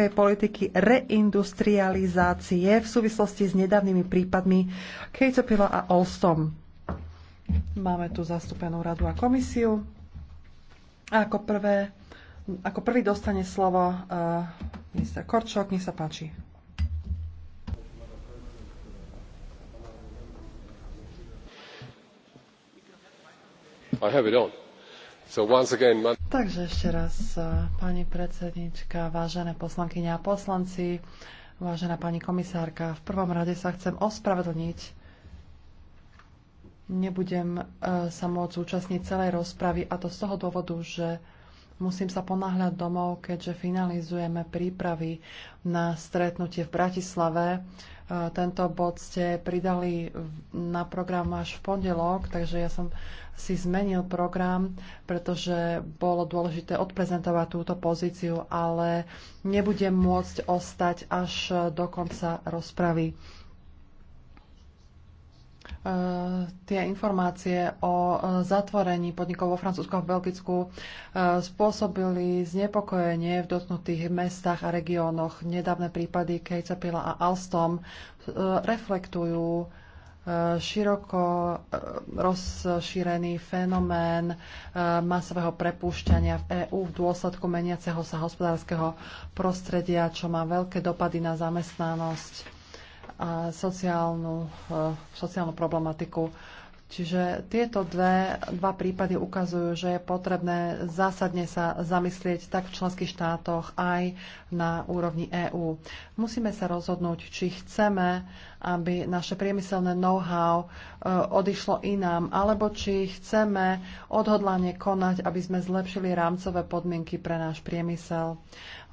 európskej politiky reindustrializácie v súvislosti s nedávnymi prípadmi Caterpillar a Olstom. Máme tu zastúpenú radu a komisiu. A ako, prvé, ako prvý dostane slovo uh, eh, minister Korčok, nech sa páči. I have it on. Takže ešte raz, eh, pani predsednička, vážené poslankyne a poslanci, vážená pani komisárka, v prvom rade sa chcem ospravedlniť. Nebudem eh, sa môcť zúčastniť celej rozpravy a to z toho dôvodu, že Musím sa ponáhľať domov, keďže finalizujeme prípravy na stretnutie v Bratislave. E, tento bod ste pridali na program až v pondelok, takže ja som si zmenil program, pretože bolo dôležité odprezentovať túto pozíciu, ale nebudem môcť ostať až do konca rozpravy. Eh, tie informácie o eh, zatvorení podnikov vo Francúzsku a v Belgicku eh, spôsobili znepokojenie v dotknutých mestách a regiónoch. Nedávne prípady Kejcapila a Alstom reflektujú široko rozšírený fenomén masového prepúšťania v EÚ v dôsledku meniaceho sa hospodárskeho prostredia, čo má veľké dopady na zamestnanosť a sociálnu, e, sociálnu problematiku. Čiže tieto dve, dva prípady ukazujú, že je potrebné zásadne sa zamyslieť tak v členských štátoch aj na úrovni EÚ. Musíme sa rozhodnúť, či chceme, aby naše priemyselné know-how e, odišlo inám, alebo či chceme odhodlanie konať, aby sme zlepšili rámcové podmienky pre náš priemysel.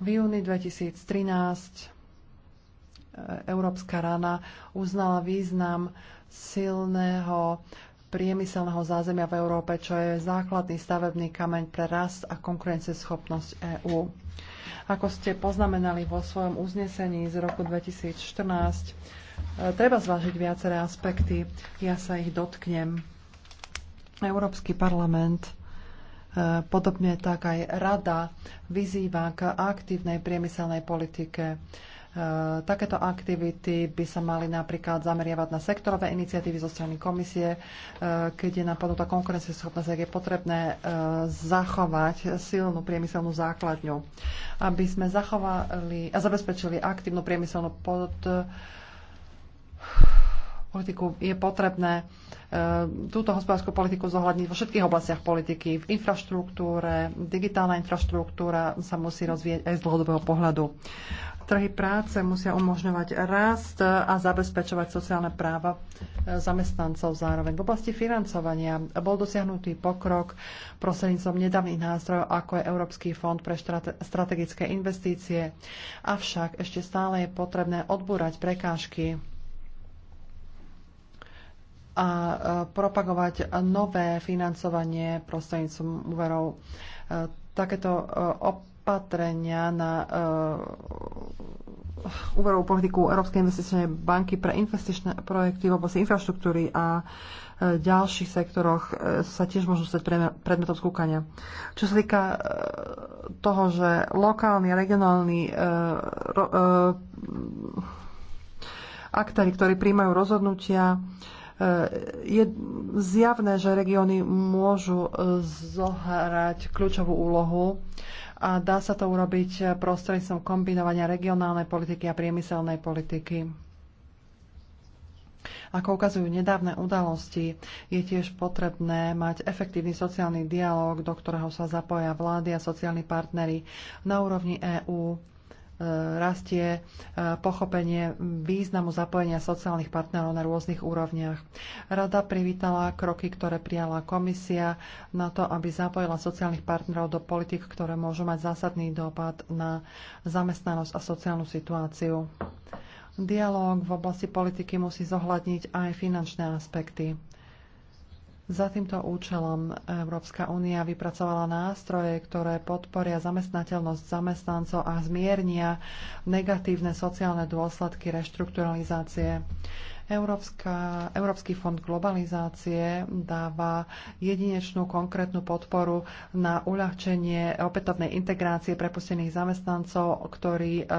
V júni 2013 európska rana uznala význam silného priemyselného zázemia v Európe, čo je základný stavebný kameň pre rast a konkurencieschopnosť EÚ. Ako ste poznamenali vo svojom uznesení z roku 2014, e, treba zvážiť viaceré aspekty. Ja sa ich dotknem. Európsky parlament e, podobne tak aj rada vyzýva k aktívnej priemyselnej politike. E, takéto aktivity by sa mali napríklad zameriavať na sektorové iniciatívy zo strany komisie, e, keď je napadnutá konkurencieschopnosť, ak je potrebné e, zachovať silnú priemyselnú základňu. Aby sme zachovali a zabezpečili aktívnu priemyselnú pod politiku je potrebné e, túto hospodárskú politiku zohľadniť vo všetkých oblastiach politiky. V infraštruktúre, digitálna infraštruktúra sa musí rozvíjať aj z dlhodobého pohľadu. Trhy práce musia umožňovať rast a zabezpečovať sociálne práva e, zamestnancov zároveň. V oblasti financovania bol dosiahnutý pokrok prostredníctvom nedávnych nástrojov, ako je Európsky fond pre strategické investície. Avšak ešte stále je potrebné odbúrať prekážky a propagovať nové financovanie prostredníctvom úverov. E, takéto e, opatrenia na e, úverovú politiku Európskej investičnej banky pre investičné projekty v oblasti infraštruktúry a ďalších sektoroch sa tiež môžu stať predmetom skúkania. Čo sa týka toho, že lokálni a regionálni aktéry, ktorí príjmajú rozhodnutia, Eh, je zjavné, že regióny môžu eh, zohrať kľúčovú úlohu a dá sa to urobiť eh, prostredníctvom kombinovania regionálnej politiky a priemyselnej politiky. Ako ukazujú nedávne udalosti, je tiež potrebné mať efektívny sociálny dialog, do ktorého sa zapoja vlády a sociálni partnery na úrovni EÚ rastie e, pochopenie významu zapojenia sociálnych partnerov na rôznych úrovniach. Rada privítala kroky, ktoré prijala komisia na to, aby zapojila sociálnych partnerov do politik, ktoré môžu mať zásadný dopad na zamestnanosť a sociálnu situáciu. Dialóg v oblasti politiky musí zohľadniť aj finančné aspekty. Za týmto účelom Európska únia vypracovala nástroje, ktoré podporia zamestnateľnosť zamestnancov a zmiernia negatívne sociálne dôsledky reštrukturalizácie. Európska, Európsky fond globalizácie dáva jedinečnú konkrétnu podporu na uľahčenie opätovnej integrácie prepustených zamestnancov, ktorí e, e,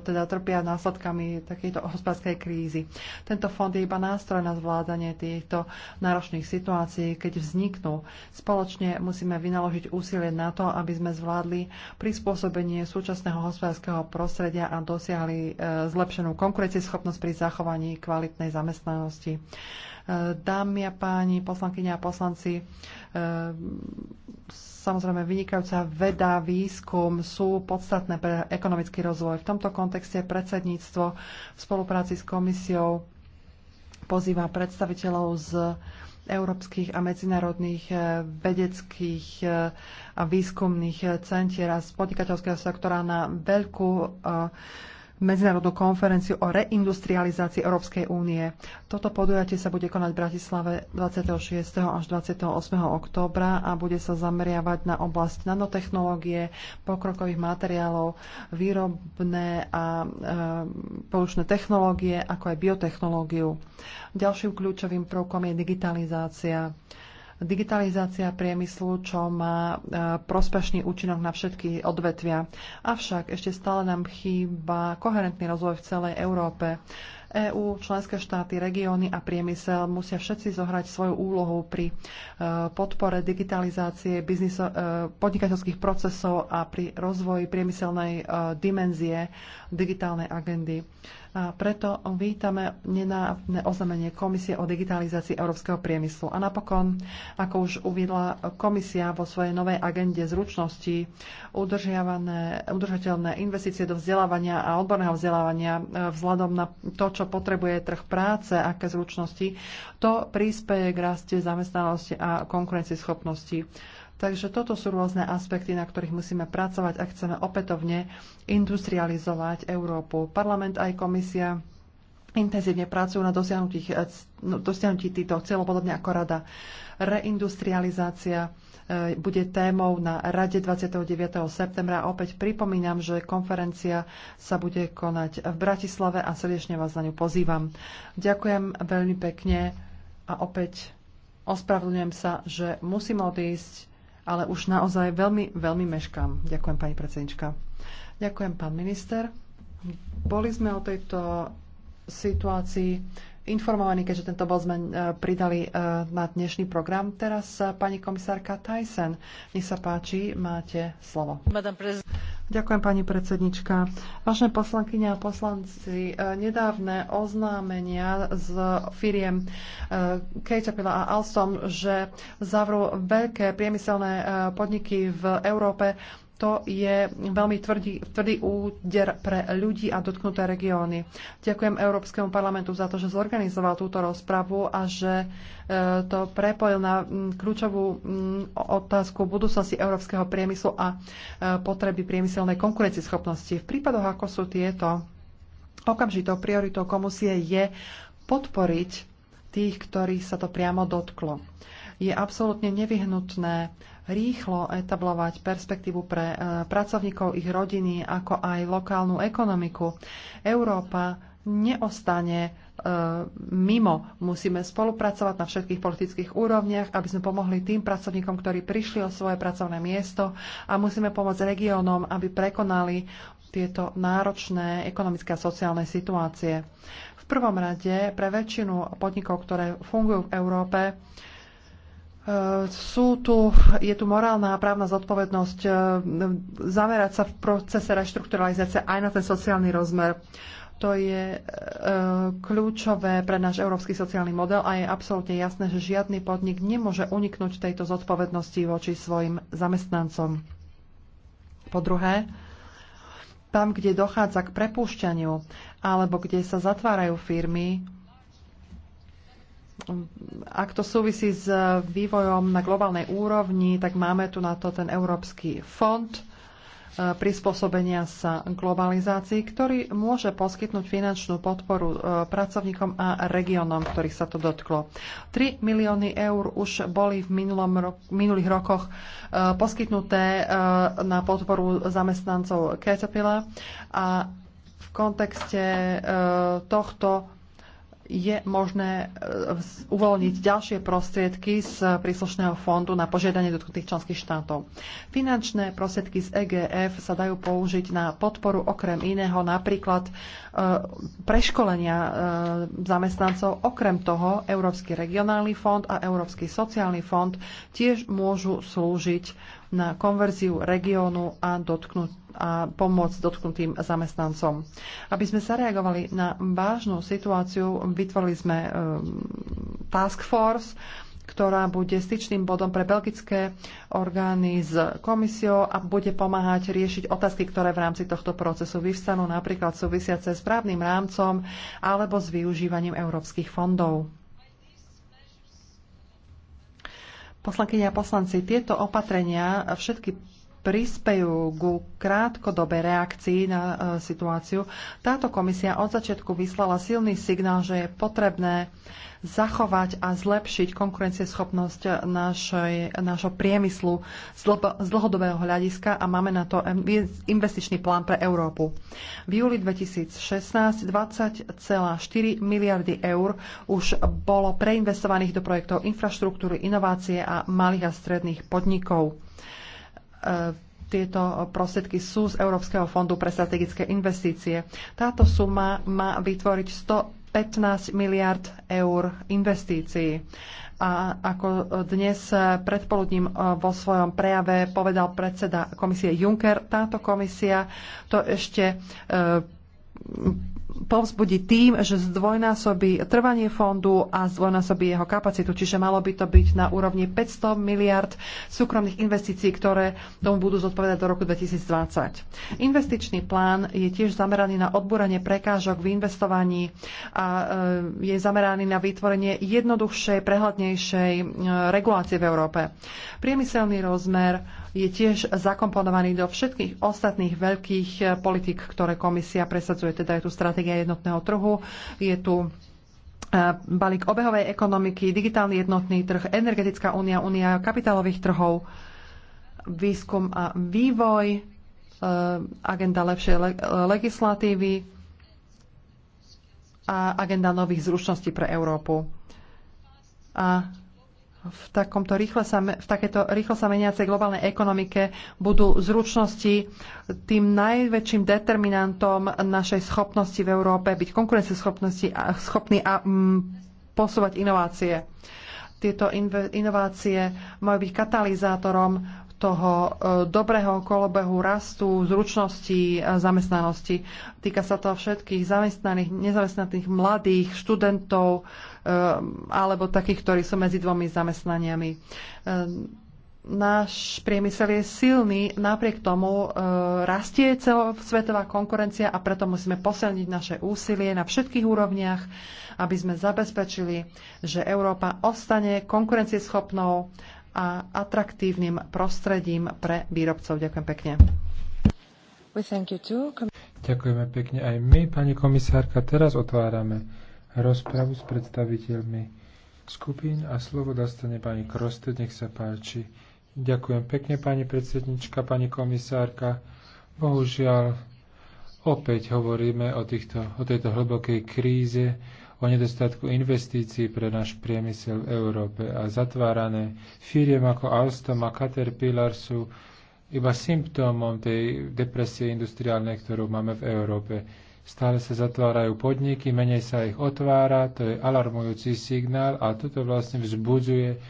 teda trpia následkami takejto hospodárskej krízy. Tento fond je iba nástroj na zvládanie týchto náročných situácií, keď vzniknú. Spoločne musíme vynaložiť úsilie na to, aby sme zvládli prispôsobenie súčasného hospodárskeho prostredia a dosiahli e, zlepšenú konkurencieschopnosť pri zachovaní dosahovaní kvalitnej zamestnanosti. E, Dámy a páni, poslankyňa a poslanci, e, samozrejme vynikajúca veda, výskum sú podstatné pre ekonomický rozvoj. V tomto kontexte predsedníctvo v spolupráci s komisiou pozýva predstaviteľov z európskych a medzinárodných e, vedeckých a výskumných centier a z podnikateľského sektora na veľkú medzinárodnú konferenciu o reindustrializácii Európskej únie. Toto podujatie sa bude konať v Bratislave 26. až 28. októbra a bude sa zameriavať na oblasť nanotechnológie, pokrokových materiálov, výrobné a e, poučné technológie, ako aj biotechnológiu. Ďalším kľúčovým prvkom je digitalizácia digitalizácia priemyslu, čo má e, prospešný účinok na všetky odvetvia. Avšak ešte stále nám chýba koherentný rozvoj v celej Európe. EÚ, členské štáty, regióny a priemysel musia všetci zohrať svoju úlohu pri e, podpore digitalizácie bizniso- e, podnikateľských procesov a pri rozvoji priemyselnej dimenzie digitálnej agendy. A preto vítame nenávne oznamenie Komisie o digitalizácii európskeho priemyslu. A napokon, ako už uviedla Komisia vo svojej novej agende zručnosti, udržateľné investície do vzdelávania a odborného vzdelávania e, vzhľadom na to, čo potrebuje trh práce, aké zručnosti, to príspeje k raste zamestnanosti a konkurencieschopnosti. Takže toto sú rôzne aspekty, na ktorých musíme pracovať, ak chceme opätovne industrializovať Európu. Parlament aj komisia intenzívne pracujú na dosiahnutí, no, dosiahnutí týchto cieľov, podobne ako rada. Reindustrializácia e, bude témou na Rade 29. septembra. Opäť pripomínam, že konferencia sa bude konať v Bratislave a srdečne vás na ňu pozývam. Ďakujem veľmi pekne a opäť ospravedlňujem sa, že musím odísť ale už naozaj veľmi, veľmi meškám. Ďakujem, pani predsednička. Ďakujem, pán minister. Boli sme o tejto situácii informovaní, keďže tento bod sme e, pridali e, na dnešný program. Teraz e, pani komisárka Tyson, nech sa páči, máte slovo. Ďakujem, pani predsednička. Vaše poslankyňa a poslanci, nedávne oznámenia z firiem Caterpillar a Alstom, že zavrú veľké priemyselné podniky v Európe, to je veľmi tvrdý, tvrdý úder pre ľudí a dotknuté regióny. Ďakujem Európskemu parlamentu za to, že zorganizoval túto rozpravu a že e, to prepojil na kľúčovú otázku budúcnosti európskeho priemyslu a e, potreby priemyselnej konkurencieschopnosti. V prípadoch, ako sú tieto, okamžitou prioritou komisie je podporiť tých, ktorých sa to priamo dotklo. Je absolútne nevyhnutné rýchlo etablovať perspektívu pre e, pracovníkov, ich rodiny, ako aj lokálnu ekonomiku. Európa neostane e, mimo. Musíme spolupracovať na všetkých politických úrovniach, aby sme pomohli tým pracovníkom, ktorí prišli o svoje pracovné miesto a musíme pomôcť regiónom, aby prekonali tieto náročné ekonomické a sociálne situácie. V prvom rade pre väčšinu podnikov, ktoré fungujú v Európe, sú tu, je tu morálna a právna zodpovednosť e, zamerať sa v procese reštrukturalizácie aj na ten sociálny rozmer. To je e, kľúčové pre náš európsky sociálny model a je absolútne jasné, že žiadny podnik nemôže uniknúť tejto zodpovednosti voči svojim zamestnancom. Po druhé, tam, kde dochádza k prepúšťaniu alebo kde sa zatvárajú firmy, ak to súvisí s eh, vývojom na globálnej úrovni, tak máme tu na to ten Európsky fond eh, prispôsobenia sa globalizácii, ktorý môže poskytnúť finančnú podporu eh, pracovníkom a regiónom, ktorých sa to dotklo. 3 milióny eur už boli v minulom, minulých rokoch poskytnuté na podporu zamestnancov Caterpillar a v kontekste tohto je možné e, uvoľniť ďalšie prostriedky z príslušného fondu na požiadanie dotknutých členských štátov. Finančné prostriedky z EGF sa dajú použiť na podporu okrem iného napríklad e, preškolenia e, zamestnancov. Okrem toho Európsky regionálny fond a Európsky sociálny fond tiež môžu slúžiť na konverziu regiónu a, dotknut, a pomoc dotknutým zamestnancom. Aby sme zareagovali na vážnu situáciu, vytvorili sme e, task force, ktorá bude styčným bodom pre belgické orgány s komisiou a bude pomáhať riešiť otázky, ktoré v rámci tohto procesu vyvstanú, napríklad súvisiace s právnym rámcom alebo s využívaním európskych fondov. Poslankyňa a poslanci, tieto opatrenia všetky prispejú ku krátkodobej reakcii na e, situáciu, táto komisia od začiatku vyslala silný signál, že je potrebné zachovať a zlepšiť konkurencieschopnosť našej, nášho priemyslu z dlhodobého hľadiska a máme na to investičný plán pre Európu. V júli 2016 20,4 miliardy eur už bolo preinvestovaných do projektov infraštruktúry, inovácie a malých a stredných podnikov. E, tieto prostriedky sú z Európskeho fondu pre strategické investície. Táto suma má vytvoriť 115 miliard eur investícií. A ako dnes predpoludním e, vo svojom prejave povedal predseda komisie Juncker, táto komisia to ešte e, povzbudiť tým, že zdvojnásobí trvanie fondu a zdvojnásobí jeho kapacitu. Čiže malo by to byť na úrovni 500 miliard súkromných investícií, ktoré tomu budú zodpovedať do roku 2020. Investičný plán je tiež zameraný na odbúranie prekážok v investovaní a e, je zameraný na vytvorenie jednoduchšej, prehľadnejšej e, regulácie v Európe. Priemyselný rozmer je tiež zakomponovaný do všetkých ostatných veľkých e, politik, ktoré komisia presadzuje, teda je tu stratégia stratégia jednotného trhu, je tu e, balík obehovej ekonomiky, digitálny jednotný trh, energetická únia, únia kapitálových trhov, výskum a vývoj, e, agenda lepšej legislatívy a agenda nových zručností pre Európu. A v, takomto rýchle sa, v takéto rýchlo sa meniacej globálnej ekonomike budú zručnosti tým najväčším determinantom našej schopnosti v Európe byť konkurencieschopnosti a schopný a mm, posúvať inovácie. Tieto inve, inovácie majú byť katalizátorom toho e, dobrého kolobehu rastu, zručnosti a zamestnanosti. Týka sa to všetkých zamestnaných, nezamestnaných, mladých, študentov e, alebo takých, ktorí sú medzi dvomi zamestnaniami. E, náš priemysel je silný, napriek tomu rastie celosvetová konkurencia a preto musíme posilniť naše úsilie na všetkých úrovniach, aby sme zabezpečili, že Európa ostane konkurencieschopnou a atraktívnym prostredím pre výrobcov. Ďakujem pekne. Ďakujeme pekne aj my, pani komisárka. Teraz otvárame rozpravu s predstaviteľmi skupín a slovo dostane pani Kroste. Nech sa páči. Ďakujem pekne, pani predsednička, pani komisárka. Bohužiaľ, opäť hovoríme o, týchto, o tejto hlbokej kríze, o nedostatku investícií pre náš priemysel v Európe a zatvárané firiem ako Alstom a Caterpillar sú iba symptómom tej depresie industriálnej, ktorú máme v Európe. Stále sa zatvárajú podniky, menej sa ich otvára, to je alarmujúci signál a toto vlastne vzbudzuje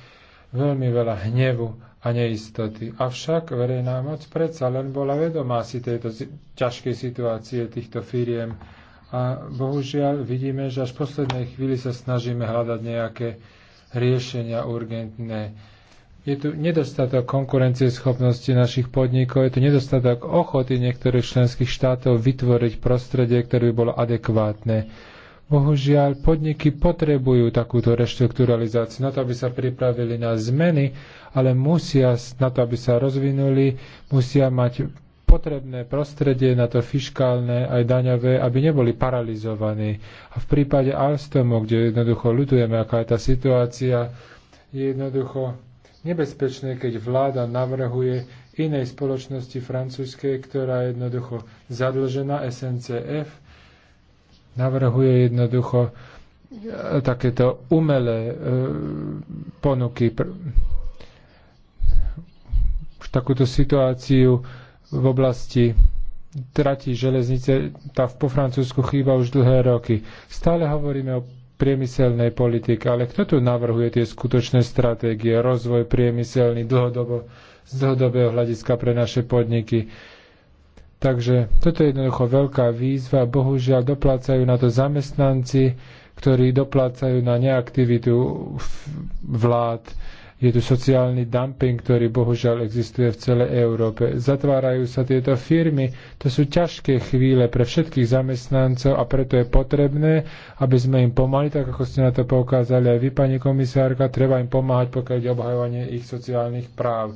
veľmi veľa hnevu a neistoty. Avšak verejná moc predsa len bola vedomá si tejto ťažkej situácie týchto firiem a bohužiaľ vidíme, že až v poslednej chvíli sa snažíme hľadať nejaké riešenia urgentné. Je tu nedostatok konkurencieschopnosti našich podnikov, je tu nedostatok ochoty niektorých členských štátov vytvoriť prostredie, ktoré by bolo adekvátne. Bohužiaľ, podniky potrebujú takúto reštrukturalizáciu na to, aby sa pripravili na zmeny, ale musia na to, aby sa rozvinuli, musia mať potrebné prostredie na to fiškálne aj daňové, aby neboli paralizovaní. A v prípade Alstomu, kde jednoducho ľutujeme, aká je tá situácia, je jednoducho nebezpečné, keď vláda navrhuje inej spoločnosti francúzskej, ktorá je jednoducho zadlžená SNCF, navrhuje jednoducho e, takéto umelé e, ponuky. Pr- takúto situáciu v oblasti trati železnice, tá po Francúzsku chýba už dlhé roky. Stále hovoríme o priemyselnej politike, ale kto tu navrhuje tie skutočné stratégie, rozvoj priemyselný dlhodobo, z dlhodobého hľadiska pre naše podniky? Takže toto je jednoducho veľká výzva. Bohužiaľ doplácajú na to zamestnanci, ktorí doplácajú na neaktivitu vlád je tu sociálny dumping, ktorý bohužiaľ existuje v celej Európe. Zatvárajú sa tieto firmy. To sú ťažké chvíle pre všetkých zamestnancov a preto je potrebné, aby sme im pomali, tak ako ste na to poukázali aj vy, pani komisárka, treba im pomáhať, pokiaľ ide obhajovanie ich sociálnych práv.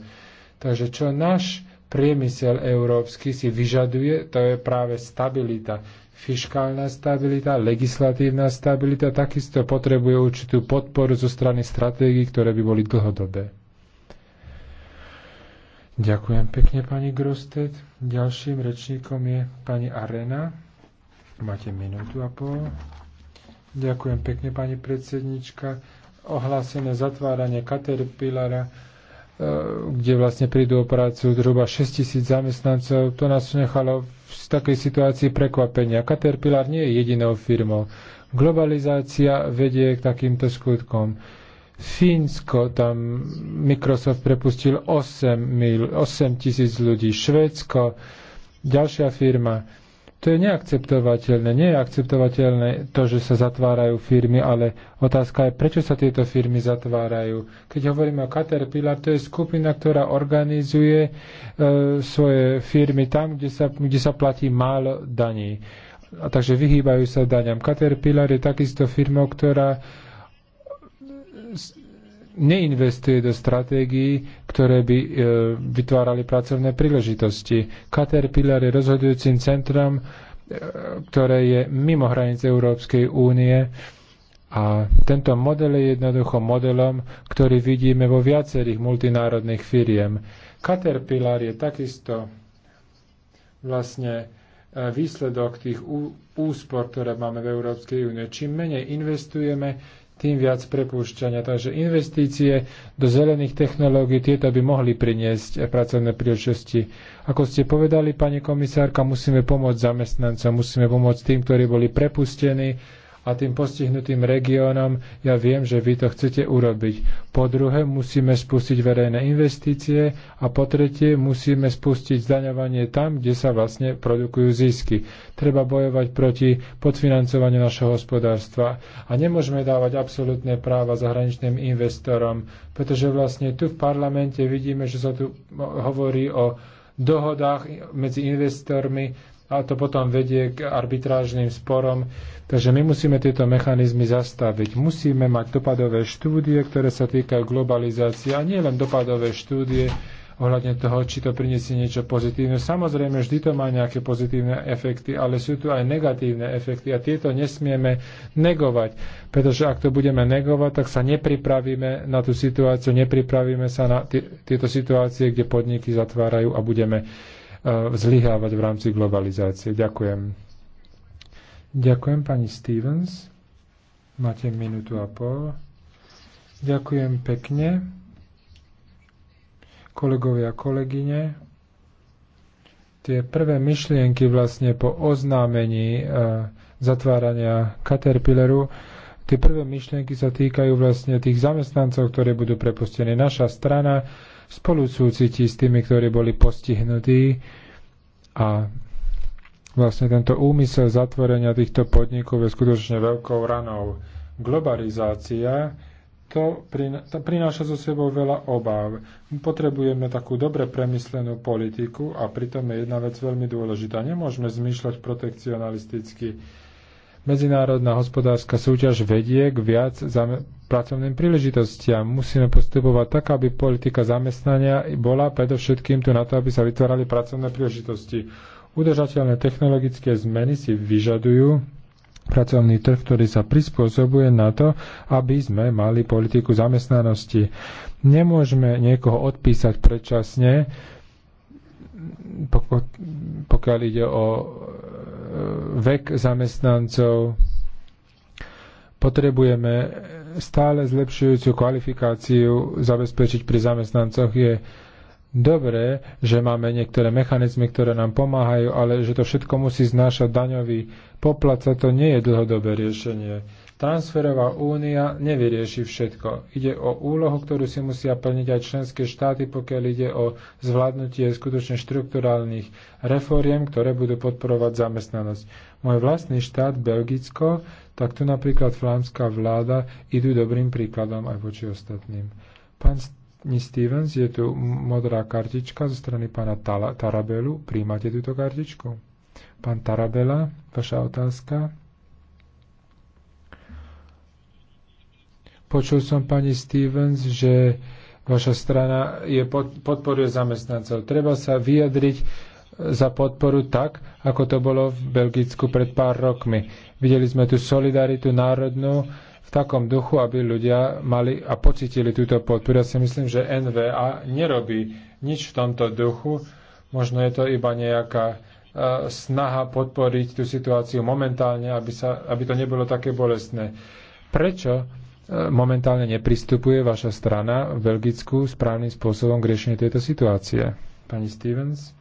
Takže čo náš priemysel európsky si vyžaduje, to je práve stabilita fiškálna stabilita, legislatívna stabilita takisto potrebuje určitú podporu zo strany stratégií, ktoré by boli dlhodobé. Ďakujem pekne, pani Grostet. Ďalším rečníkom je pani Arena. Máte minútu a pol. Ďakujem pekne, pani predsednička. Ohlásené zatváranie Caterpillara E, kde vlastne prídu o prácu zhruba 6 tisíc zamestnancov. To nás nechalo v takej situácii prekvapenia. Caterpillar nie je jedinou firmou. Globalizácia vedie k takýmto skutkom. Fínsko, tam Microsoft prepustil 8, mil, 8 tisíc ľudí. Švédsko, ďalšia firma to je neakceptovateľné. Nie je akceptovateľné to, že sa zatvárajú firmy, ale otázka je, prečo sa tieto firmy zatvárajú. Keď hovoríme o Caterpillar, to je skupina, ktorá organizuje e, svoje firmy tam, kde sa, kde sa platí málo daní. A takže vyhýbajú sa daňam. Caterpillar je takisto firmou, ktorá neinvestuje do stratégií, ktoré by e, vytvárali pracovné príležitosti. Caterpillar je rozhodujúcim centrom, e, ktoré je mimo hranic Európskej únie a tento model je jednoducho modelom, ktorý vidíme vo viacerých multinárodných firiem. Caterpillar je takisto vlastne e, výsledok tých úspor, ktoré máme v Európskej únie. Čím menej investujeme, tým viac prepúšťania. Takže investície do zelených technológií, tieto by mohli priniesť pracovné príležitosti. Ako ste povedali, pani komisárka, musíme pomôcť zamestnancom, musíme pomôcť tým, ktorí boli prepustení a tým postihnutým regiónom. Ja viem, že vy to chcete urobiť. Po druhé, musíme spustiť verejné investície a po tretie, musíme spustiť zdaňovanie tam, kde sa vlastne produkujú zisky. Treba bojovať proti podfinancovaniu našho hospodárstva a nemôžeme dávať absolútne práva zahraničným investorom, pretože vlastne tu v parlamente vidíme, že sa tu hovorí o dohodách medzi investormi, a to potom vedie k arbitrážnym sporom. Takže my musíme tieto mechanizmy zastaviť. Musíme mať dopadové štúdie, ktoré sa týkajú globalizácie a nielen dopadové štúdie ohľadne toho, či to priniesie niečo pozitívne. Samozrejme, vždy to má nejaké pozitívne efekty, ale sú tu aj negatívne efekty a tieto nesmieme negovať, pretože ak to budeme negovať, tak sa nepripravíme na tú situáciu, nepripravíme sa na tieto situácie, kde podniky zatvárajú a budeme E, zlyhávať v rámci globalizácie. Ďakujem. Ďakujem pani Stevens. Máte minútu a pol. Ďakujem pekne. Kolegovia a kolegyne, tie prvé myšlienky vlastne po oznámení e, zatvárania Caterpillaru, tie prvé myšlienky sa týkajú vlastne tých zamestnancov, ktoré budú prepustení. Naša strana spolu súcití s tými, ktorí boli postihnutí a vlastne tento úmysel zatvorenia týchto podnikov je skutočne veľkou ranou. Globalizácia to prináša so sebou veľa obáv. Potrebujeme takú dobre premyslenú politiku a pritom je jedna vec veľmi dôležitá. Nemôžeme zmýšľať protekcionalisticky medzinárodná hospodárska súťaž vedie k viac zame- pracovným príležitostiam. Musíme postupovať tak, aby politika zamestnania bola predovšetkým tu na to, aby sa vytvárali pracovné príležitosti. Udržateľné technologické zmeny si vyžadujú pracovný trh, ktorý sa prispôsobuje na to, aby sme mali politiku zamestnanosti. Nemôžeme niekoho odpísať predčasne, pokiaľ ide o E, vek zamestnancov. Potrebujeme stále zlepšujúcu kvalifikáciu zabezpečiť pri zamestnancoch je dobré, že máme niektoré mechanizmy, ktoré nám pomáhajú, ale že to všetko musí znášať daňový poplat, to nie je dlhodobé riešenie. Transferová únia nevyrieši všetko. Ide o úlohu, ktorú si musia plniť aj členské štáty, pokiaľ ide o zvládnutie skutočne štrukturálnych reforiem, ktoré budú podporovať zamestnanosť. Môj vlastný štát, Belgicko, tak tu napríklad flámska vláda idú dobrým príkladom aj voči ostatným. Pán Stevens, je tu modrá kartička zo strany pána Tarabelu. Príjmate túto kartičku? Pán Tarabela, vaša otázka. Počul som pani Stevens, že vaša strana je pod, podporuje zamestnancov. Treba sa vyjadriť za podporu tak, ako to bolo v Belgicku pred pár rokmi. Videli sme tú solidaritu národnú v takom duchu, aby ľudia mali a pocitili túto podporu. Ja si myslím, že NVA nerobí nič v tomto duchu. Možno je to iba nejaká e, snaha podporiť tú situáciu momentálne, aby, sa, aby to nebolo také bolestné. Prečo momentálne nepristupuje vaša strana v Belgicku správnym spôsobom k riešeniu tejto situácie. Pani Stevens?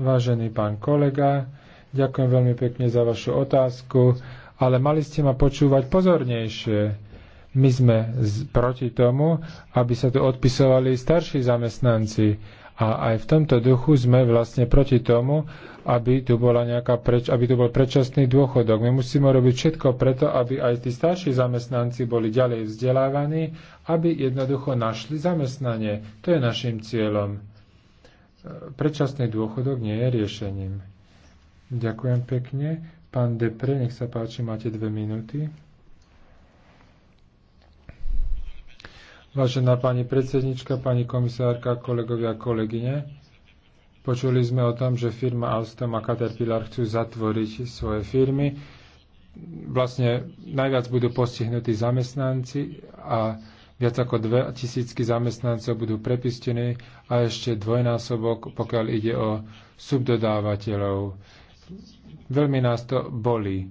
Vážený pán kolega, ďakujem veľmi pekne za vašu otázku, ale mali ste ma počúvať pozornejšie. My sme proti tomu, aby sa tu odpisovali starší zamestnanci a aj v tomto duchu sme vlastne proti tomu, aby tu, bola nejaká preč, aby tu bol predčasný dôchodok. My musíme robiť všetko preto, aby aj tí starší zamestnanci boli ďalej vzdelávaní, aby jednoducho našli zamestnanie. To je našim cieľom. Predčasný dôchodok nie je riešením. Ďakujem pekne. Pán Depre, nech sa páči, máte dve minúty. Vážená pani predsednička, pani komisárka, kolegovia a kolegyne, počuli sme o tom, že firma Alstom a Caterpillar chcú zatvoriť svoje firmy. Vlastne najviac budú postihnutí zamestnanci a viac ako dve tisícky zamestnancov budú prepistení a ešte dvojnásobok, pokiaľ ide o subdodávateľov. Veľmi nás to bolí.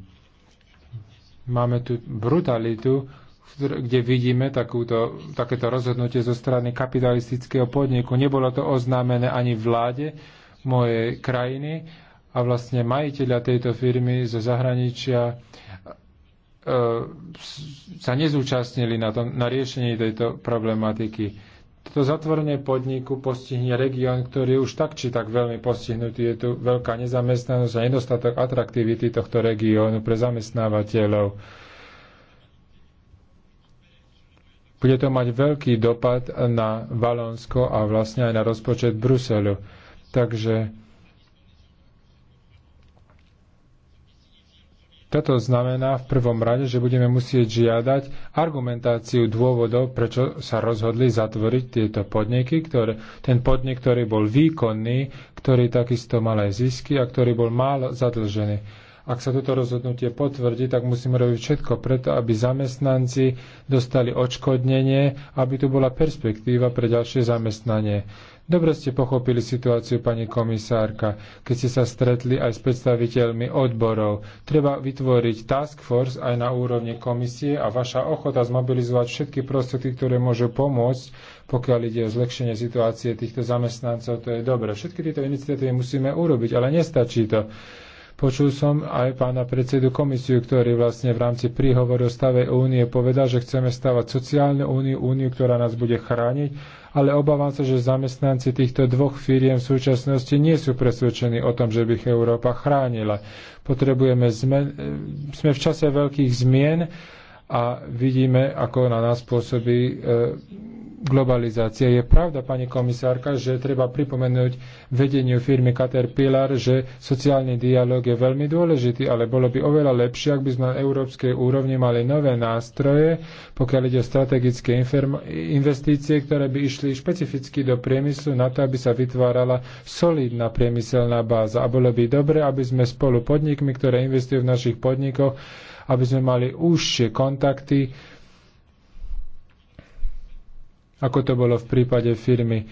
Máme tu brutalitu, kde vidíme takúto, takéto rozhodnutie zo strany kapitalistického podniku. Nebolo to oznámené ani vláde mojej krajiny a vlastne majiteľa tejto firmy zo zahraničia e, sa nezúčastnili na, tom, na riešení tejto problematiky. Toto zatvorenie podniku postihne región, ktorý je už tak či tak veľmi postihnutý. Je tu veľká nezamestnanosť a nedostatok atraktivity tohto regiónu pre zamestnávateľov Bude to mať veľký dopad na Valonsko a vlastne aj na rozpočet Bruselu. Takže Toto znamená v prvom rade, že budeme musieť žiadať argumentáciu dôvodov, prečo sa rozhodli zatvoriť tieto podniky, ktoré, ten podnik, ktorý bol výkonný, ktorý takisto mal aj zisky a ktorý bol málo zadlžený. Ak sa toto rozhodnutie potvrdí, tak musíme robiť všetko preto, aby zamestnanci dostali odškodnenie, aby tu bola perspektíva pre ďalšie zamestnanie. Dobre ste pochopili situáciu, pani komisárka, keď ste sa stretli aj s predstaviteľmi odborov. Treba vytvoriť task force aj na úrovni komisie a vaša ochota zmobilizovať všetky prostriedky, ktoré môžu pomôcť, pokiaľ ide o zlepšenie situácie týchto zamestnancov, to je dobre. Všetky tieto iniciatívy musíme urobiť, ale nestačí to. Počul som aj pána predsedu komisiu, ktorý vlastne v rámci príhovoru o stave únie povedal, že chceme stavať sociálnu úniu, úniu, ktorá nás bude chrániť, ale obávam sa, že zamestnanci týchto dvoch firiem v súčasnosti nie sú presvedčení o tom, že by ich Európa chránila. Potrebujeme zmen- sme v čase veľkých zmien a vidíme, ako na nás pôsobí e, globalizácie. Je pravda, pani komisárka, že treba pripomenúť vedeniu firmy Caterpillar, že sociálny dialog je veľmi dôležitý, ale bolo by oveľa lepšie, ak by sme na európskej úrovni mali nové nástroje, pokiaľ ide o strategické investície, ktoré by išli špecificky do priemyslu na to, aby sa vytvárala solidná priemyselná báza. A bolo by dobre, aby sme spolu podnikmi, ktoré investujú v našich podnikoch, aby sme mali užšie kontakty ako to bolo v prípade firmy,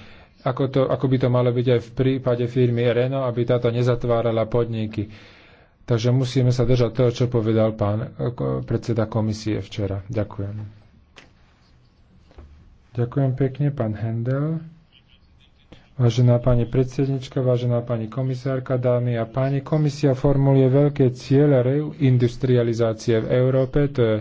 ako, to, ako by to malo byť aj v prípade firmy Reno, aby táto nezatvárala podniky. Takže musíme sa držať toho, čo povedal pán predseda komisie včera. Ďakujem. Ďakujem pekne, pán Hendel. Vážená pani predsednička, vážená pani komisárka, dámy a páni, komisia formuluje veľké ciele reindustrializácie v Európe, to je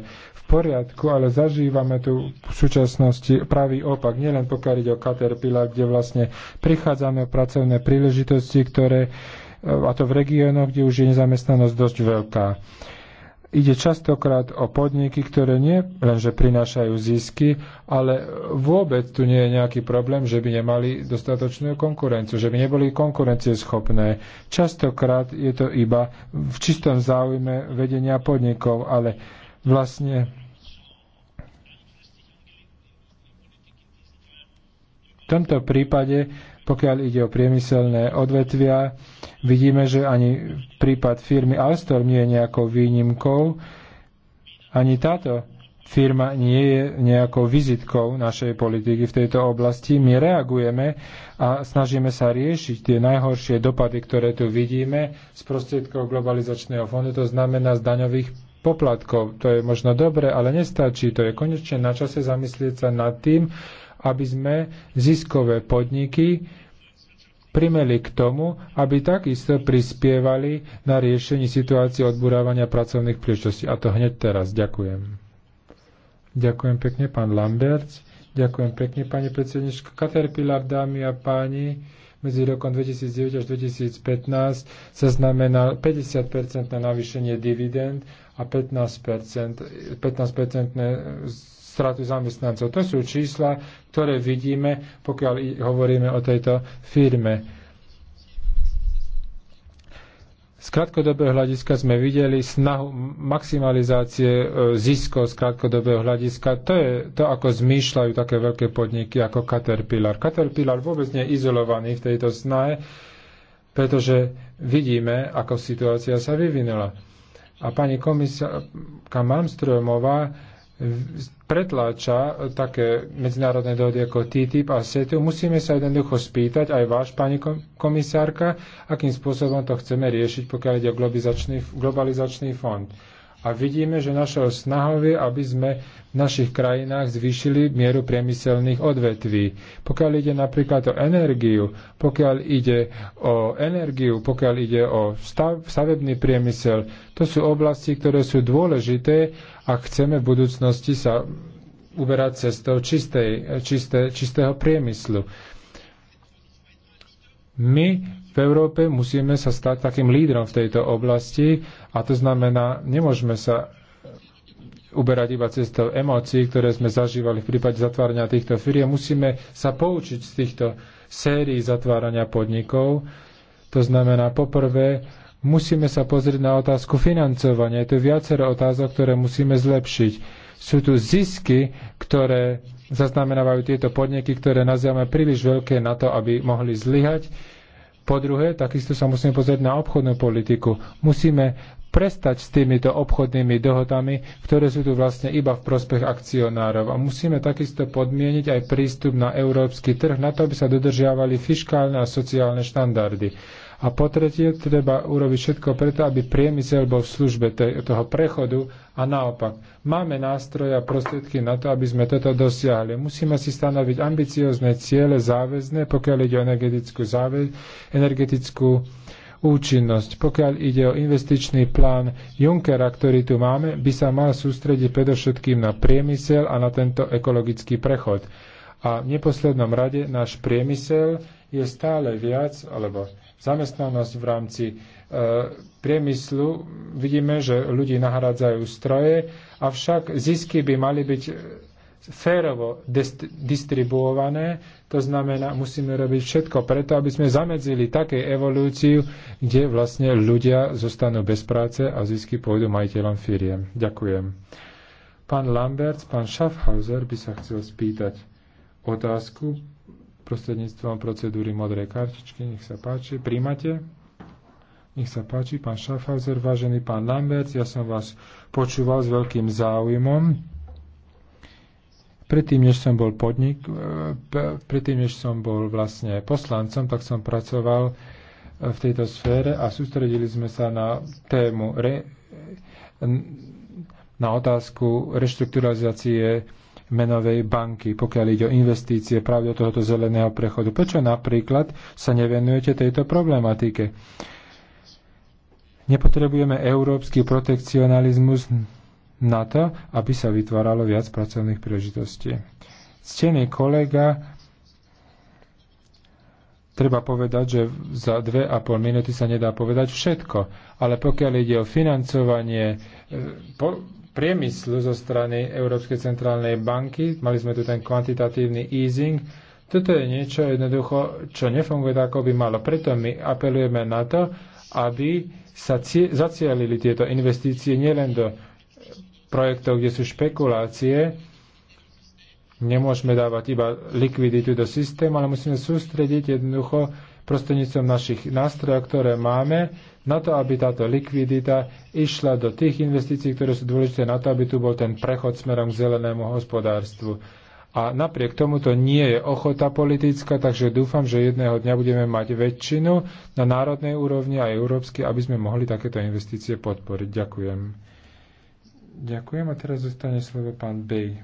poriadku, ale zažívame tu v súčasnosti pravý opak. Nielen pokiaľ ide o Caterpillar, kde vlastne prichádzame o pracovné príležitosti, ktoré, a to v regiónoch, kde už je nezamestnanosť dosť veľká. Ide častokrát o podniky, ktoré nie lenže prinášajú zisky, ale vôbec tu nie je nejaký problém, že by nemali dostatočnú konkurenciu, že by neboli konkurencieschopné. Častokrát je to iba v čistom záujme vedenia podnikov, ale vlastne v tomto prípade, pokiaľ ide o priemyselné odvetvia, vidíme, že ani prípad firmy Alstom nie je nejakou výnimkou, ani táto firma nie je nejakou vizitkou našej politiky v tejto oblasti. My reagujeme a snažíme sa riešiť tie najhoršie dopady, ktoré tu vidíme z prostriedkov globalizačného fondu, to znamená z daňových poplatkov. To je možno dobre, ale nestačí. To je konečne na čase zamyslieť sa nad tým, aby sme ziskové podniky primeli k tomu, aby takisto prispievali na riešení situácie odburávania pracovných príležitostí. A to hneď teraz. Ďakujem. Ďakujem pekne, pán Lambert. Ďakujem pekne, pani predsednička. Caterpillar, dámy a páni, medzi rokom 2009 až 2015 sa znamená 50% na navýšenie dividend a 15%, 15% stratu zamestnancov. To sú čísla, ktoré vidíme, pokiaľ hovoríme o tejto firme. Z krátkodobého hľadiska sme videli snahu maximalizácie e, ziskov z krátkodobého hľadiska. To je to, ako zmýšľajú také veľké podniky ako Caterpillar. Caterpillar vôbec nie je izolovaný v tejto snahe, pretože vidíme, ako situácia sa vyvinula. A pani komisárka Malmströmová pretláča také medzinárodné dohody ako TTIP a SETU, musíme sa jednoducho spýtať aj váš, pani komisárka, akým spôsobom to chceme riešiť, pokiaľ ide o globalizačný, globalizačný fond. A vidíme, že našou snahou je, aby sme v našich krajinách zvýšili mieru priemyselných odvetví. Pokiaľ ide napríklad o energiu, pokiaľ ide o energiu, pokiaľ ide o stav, stavebný priemysel, to sú oblasti, ktoré sú dôležité, a chceme v budúcnosti sa uberať cestou čistej, čisté, čistého priemyslu. My v Európe musíme sa stať takým lídrom v tejto oblasti a to znamená, nemôžeme sa uberať iba cestou emócií, ktoré sme zažívali v prípade zatvárania týchto firiem. Musíme sa poučiť z týchto sérií zatvárania podnikov. To znamená, poprvé, musíme sa pozrieť na otázku financovania. Je to viacero otázok, ktoré musíme zlepšiť. Sú tu zisky, ktoré zaznamenávajú tieto podniky, ktoré nazývame príliš veľké na to, aby mohli zlyhať. Po druhé, takisto sa musíme pozrieť na obchodnú politiku. Musíme prestať s týmito obchodnými dohodami, ktoré sú tu vlastne iba v prospech akcionárov. A musíme takisto podmieniť aj prístup na európsky trh, na to, aby sa dodržiavali fiskálne a sociálne štandardy. A po tretie, treba urobiť všetko preto, aby priemysel bol v službe toho prechodu a naopak. Máme nástroje a prostriedky na to, aby sme toto dosiahli. Musíme si stanoviť ambiciozne ciele záväzné, pokiaľ ide o energetickú, záväz, energetickú účinnosť. Pokiaľ ide o investičný plán Junckera, ktorý tu máme, by sa mal sústrediť predovšetkým na priemysel a na tento ekologický prechod. A v neposlednom rade náš priemysel je stále viac, alebo zamestnanosť v rámci e, priemyslu. Vidíme, že ľudí nahrádzajú stroje, avšak zisky by mali byť férovo distribuované. To znamená, musíme robiť všetko preto, aby sme zamedzili také evolúciu, kde vlastne ľudia zostanú bez práce a zisky pôjdu majiteľom firiem. Ďakujem. Pán Lambert, pán Schaffhauser by sa chcel spýtať otázku prostredníctvom procedúry modrej kartičky. Nech sa páči. Príjmate? Nech sa páči, pán Schaffhauser, vážený pán Lambert, ja som vás počúval s veľkým záujmom Predtým, než som bol podnik, e, predtým, než som bol vlastne poslancom, tak som pracoval e, v tejto sfére a sústredili sme sa na tému, re, na otázku reštrukturalizácie menovej banky, pokiaľ ide o investície práve do tohoto zeleného prechodu. Prečo napríklad sa nevenujete tejto problematike? Nepotrebujeme európsky protekcionalizmus na to, aby sa vytváralo viac pracovných príležitostí. Ctený kolega, treba povedať, že za dve a pol minúty sa nedá povedať všetko, ale pokiaľ ide o financovanie e, po, priemyslu zo strany Európskej centrálnej banky, mali sme tu ten kvantitatívny easing, toto je niečo jednoducho, čo nefunguje tak, ako by malo. Preto my apelujeme na to, aby sa zacielili tieto investície nielen do projektov, kde sú špekulácie, nemôžeme dávať iba likviditu do systému, ale musíme sústrediť jednoducho prostredníctvom našich nástrojov, ktoré máme, na to, aby táto likvidita išla do tých investícií, ktoré sú dôležité na to, aby tu bol ten prechod smerom k zelenému hospodárstvu. A napriek tomu to nie je ochota politická, takže dúfam, že jedného dňa budeme mať väčšinu na národnej úrovni a európskej, aby sme mohli takéto investície podporiť. Ďakujem. Ďakujem a teraz zostane slovo pán Bej.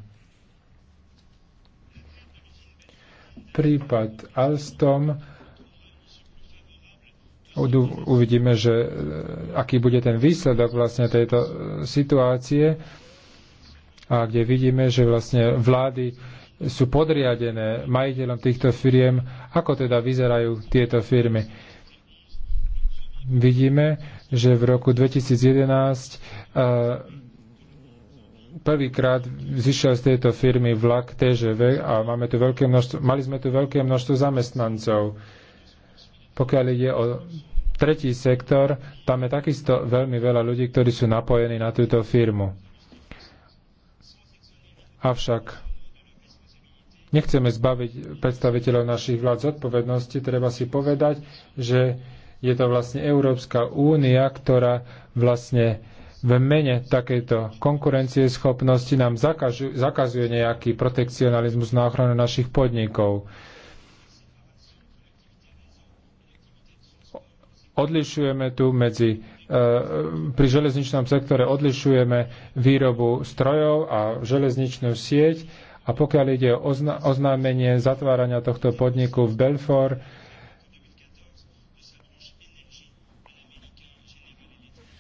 Prípad Alstom. Uvidíme, že e, aký bude ten výsledok vlastne tejto e, situácie a kde vidíme, že vlastne vlády sú podriadené majiteľom týchto firiem. Ako teda vyzerajú tieto firmy? Vidíme, že v roku 2011 prvýkrát zišiel z tejto firmy vlak TŽV a máme tu veľké množstvo, mali sme tu veľké množstvo zamestnancov. Pokiaľ ide o tretí sektor, tam je takisto veľmi veľa ľudí, ktorí sú napojení na túto firmu. Avšak nechceme zbaviť predstaviteľov našich vlád zodpovednosti, treba si povedať, že je to vlastne Európska únia, ktorá vlastne v mene takejto konkurencie schopnosti nám zakažu, zakazuje nejaký protekcionalizmus na ochranu našich podnikov. Odlišujeme tu medzi, e, pri železničnom sektore odlišujeme výrobu strojov a železničnú sieť a pokiaľ ide o oznámenie zatvárania tohto podniku v Belfort,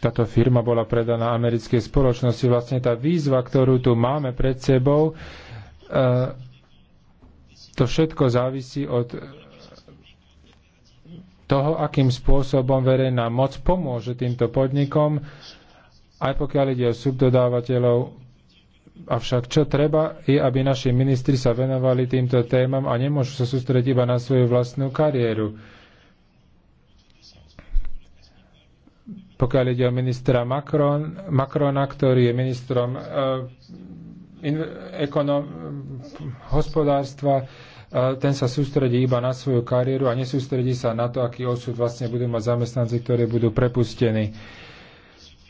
táto firma bola predaná americkej spoločnosti. Vlastne tá výzva, ktorú tu máme pred sebou, e, to všetko závisí od toho, akým spôsobom verejná moc pomôže týmto podnikom, aj pokiaľ ide o subdodávateľov. Avšak čo treba, je, aby naši ministri sa venovali týmto témam a nemôžu sa sústrediť iba na svoju vlastnú kariéru. Pokiaľ ide o ministra Macron, Macrona, ktorý je ministrom uh, in, ekonom, hospodárstva, eh, ten sa sústredí iba na svoju kariéru a nesústredí sa na to, aký osud vlastne budú mať zamestnanci, ktorí budú prepustení.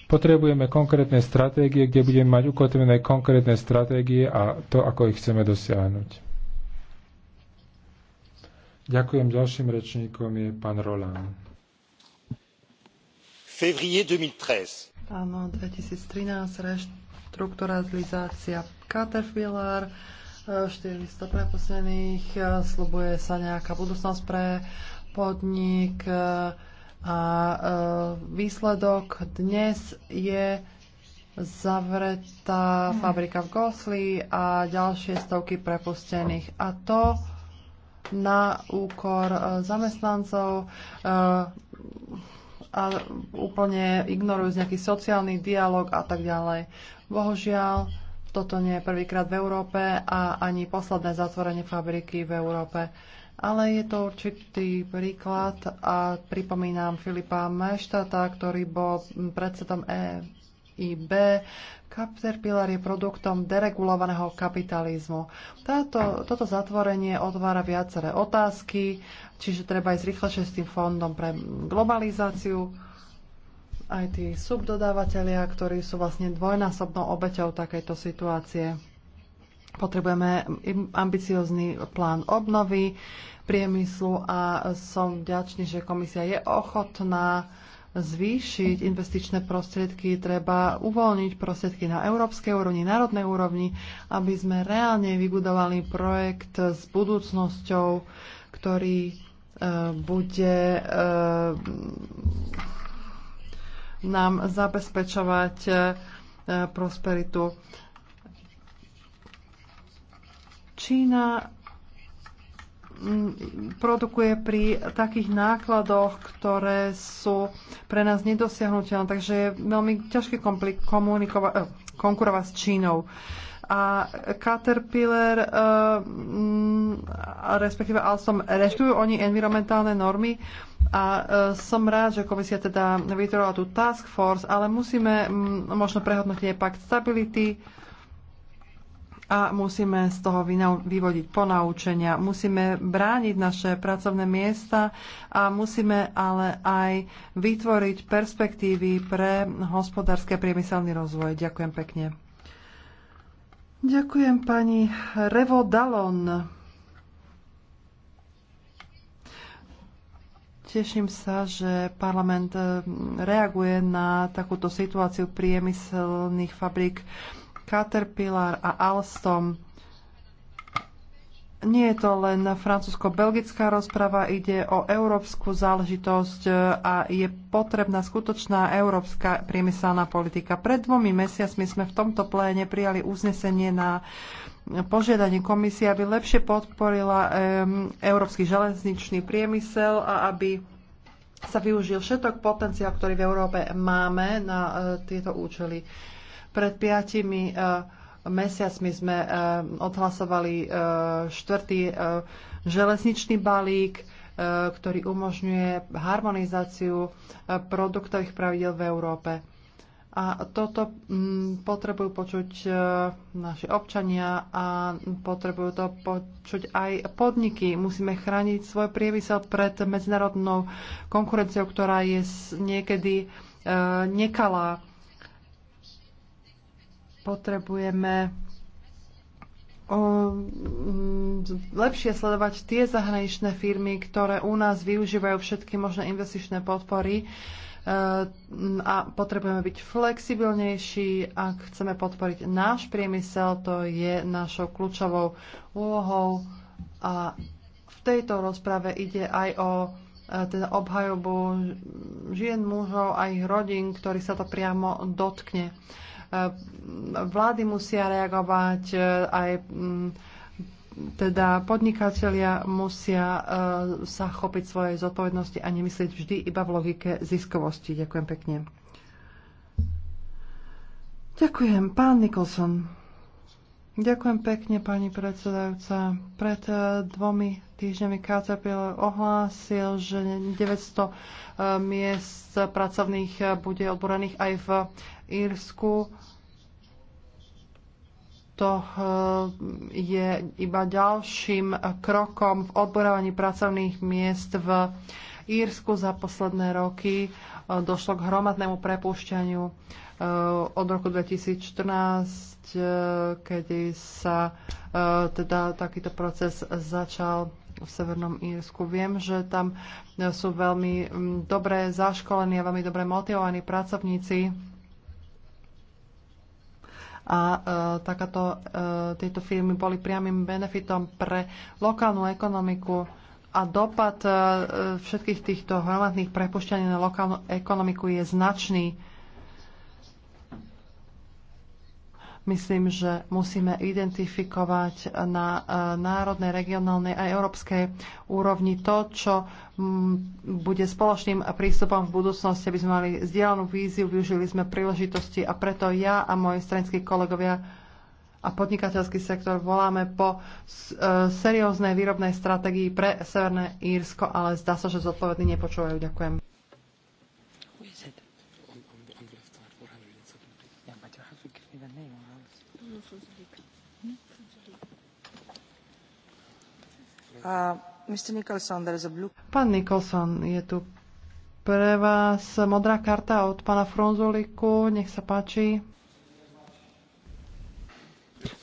Potrebujeme konkrétne stratégie, kde budeme mať ukotvené konkrétne stratégie a to, ako ich chceme dosiahnuť. Ďakujem. Ďalším rečníkom je pán Roland février 2013 reštrukturalizácia Caterpillar, 400 e, prepustených, e, slubuje sa nejaká budúcnosť pre podnik e, a výsledok dnes je zavretá mhm. fabrika v Gosli a ďalšie stovky prepustených. A to na úkor zamestnancov a úplne ignorujú nejaký sociálny dialog a tak ďalej. Bohužiaľ, toto nie je prvýkrát v Európe a ani posledné zatvorenie fabriky v Európe. Ale je to určitý príklad a pripomínam Filipa Meštata, ktorý bol predsedom EIB, Caterpillar je produktom deregulovaného kapitalizmu. Táto, toto zatvorenie otvára viaceré otázky, čiže treba ísť rýchlejšie s tým fondom pre globalizáciu. Aj tí subdodávateľia, ktorí sú vlastne dvojnásobnou obeťou takejto situácie. Potrebujeme ambiciózny plán obnovy priemyslu a som vďačný, že komisia je ochotná zvýšiť investičné prostriedky, treba uvoľniť prostriedky na európskej úrovni, národnej úrovni, aby sme reálne vybudovali projekt s budúcnosťou, ktorý e, bude e, nám zabezpečovať e, prosperitu. Čína produkuje pri takých nákladoch, ktoré sú pre nás nedosiahnutelné, Takže je veľmi ťažké eh, konkurovať s Čínou. A Caterpillar, eh, respektíve Alstom, reštujú oni environmentálne normy a eh, som rád, že komisia teda vytvorila tú task force, ale musíme možno prehodnotiť aj pakt stability, a musíme z toho vyvodiť ponaučenia. Musíme brániť naše pracovné miesta a musíme ale aj vytvoriť perspektívy pre hospodárske a priemyselný rozvoj. Ďakujem pekne. Ďakujem pani Revo Dalon. Teším sa, že parlament reaguje na takúto situáciu priemyselných fabrík Caterpillar a Alstom. Nie je to len francúzsko-belgická rozprava, ide o európsku záležitosť e, a je potrebná skutočná európska priemyselná politika. Pred dvomi mesiacmi sme v tomto pléne prijali uznesenie na požiadanie komisie, aby lepšie podporila európsky železničný priemysel a aby sa využil všetok potenciál, ktorý v Európe máme na e, tieto účely. Pred piatimi eh, mesiacmi sme eh, odhlasovali eh, štvrtý železničný balík, ktorý umožňuje harmonizáciu produktových pravidel v Európe. A toto mm, potrebujú počuť naši občania a potrebujú to počuť aj podniky. Musíme chrániť svoj priemysel pred medzinárodnou konkurenciou, ktorá je niekedy nekalá potrebujeme o, mm, lepšie sledovať tie zahraničné firmy, ktoré u nás využívajú všetky možné investičné podpory e, a potrebujeme byť flexibilnejší, ak chceme podporiť náš priemysel, to je našou kľúčovou úlohou a v tejto rozprave ide aj o e, teda obhajobu žien, mužov a ich rodín, ktorý sa to priamo dotkne. Uh, vlády musia reagovať, e, aj mm, teda podnikatelia musia e, sa chopiť svojej zodpovednosti a nemyslieť vždy iba v logike ziskovosti. Ďakujem pekne. Ďakujem. Pán Nikolson. Ďakujem pekne, pani predsedajúca. Pred e, dvomi týždňami Caterpillar ohlásil, že 900 e, miest pracovných e, bude odborených aj v Írsku. To je iba ďalším krokom v odborovaní pracovných miest v Írsku za posledné roky. Došlo k hromadnému prepúšťaniu Eh, od roku 2014, eh, kedy sa eh, teda takýto proces začal v Severnom Írsku. Viem, že tam sú veľmi mm, dobre zaškolení a veľmi dobre motivovaní pracovníci a takáto, tieto firmy boli priamým benefitom pre lokálnu ekonomiku a dopad všetkých týchto hromadných prepušťaní na lokálnu ekonomiku je značný. Myslím, že musíme identifikovať na e, národnej, regionálnej a európskej úrovni to, čo mm, bude spoločným prístupom v budúcnosti, aby sme mali zdieľanú víziu, využili sme príležitosti a preto ja a moji stranickí kolegovia a podnikateľský sektor voláme po e, serióznej výrobnej stratégii pre Severné Írsko, ale zdá sa, že zodpovední nepočúvajú. Ďakujem. Uh, Nicholson, Pán Nicholson, je tu pre vás modrá karta od pána Fronzuliku. Nech sa páči.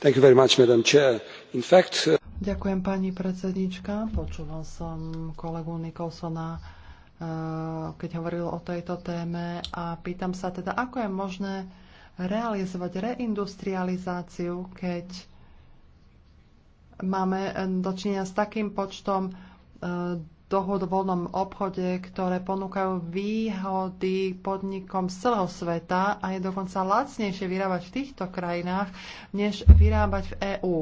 Thank you very much, Madam Chair. In fact... Uh, Ďakujem, pani predsednička. Počúval som kolegu Nicholsona, uh, keď hovoril o tejto téme a pýtam sa teda, ako je možné realizovať reindustrializáciu, keď máme e, dočinenia s takým počtom e, dohod v voľnom obchode, ktoré ponúkajú výhody podnikom z celého sveta a je dokonca lacnejšie vyrábať v týchto krajinách, než vyrábať v EÚ.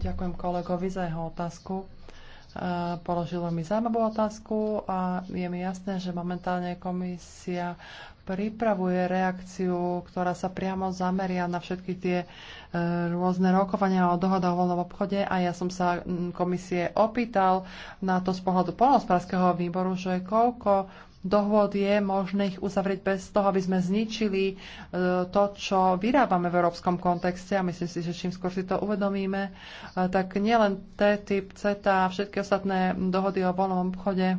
Ďakujem kolegovi za jeho otázku. Eh, položilo mi zaujímavú otázku a je mi jasné, že momentálne komisia pripravuje reakciu, ktorá sa priamo zameria na všetky tie eh, rôzne rokovania o dohodách o voľnom obchode a ja som sa mm, komisie opýtal na to z pohľadu polnospodárskeho výboru, že koľko dohôd je možné ich uzavrieť bez toho, aby sme zničili e, to, čo vyrábame v európskom kontexte a myslím si, že čím skôr si to uvedomíme, e, tak nielen TTIP, CETA a všetky ostatné dohody o voľnom obchode.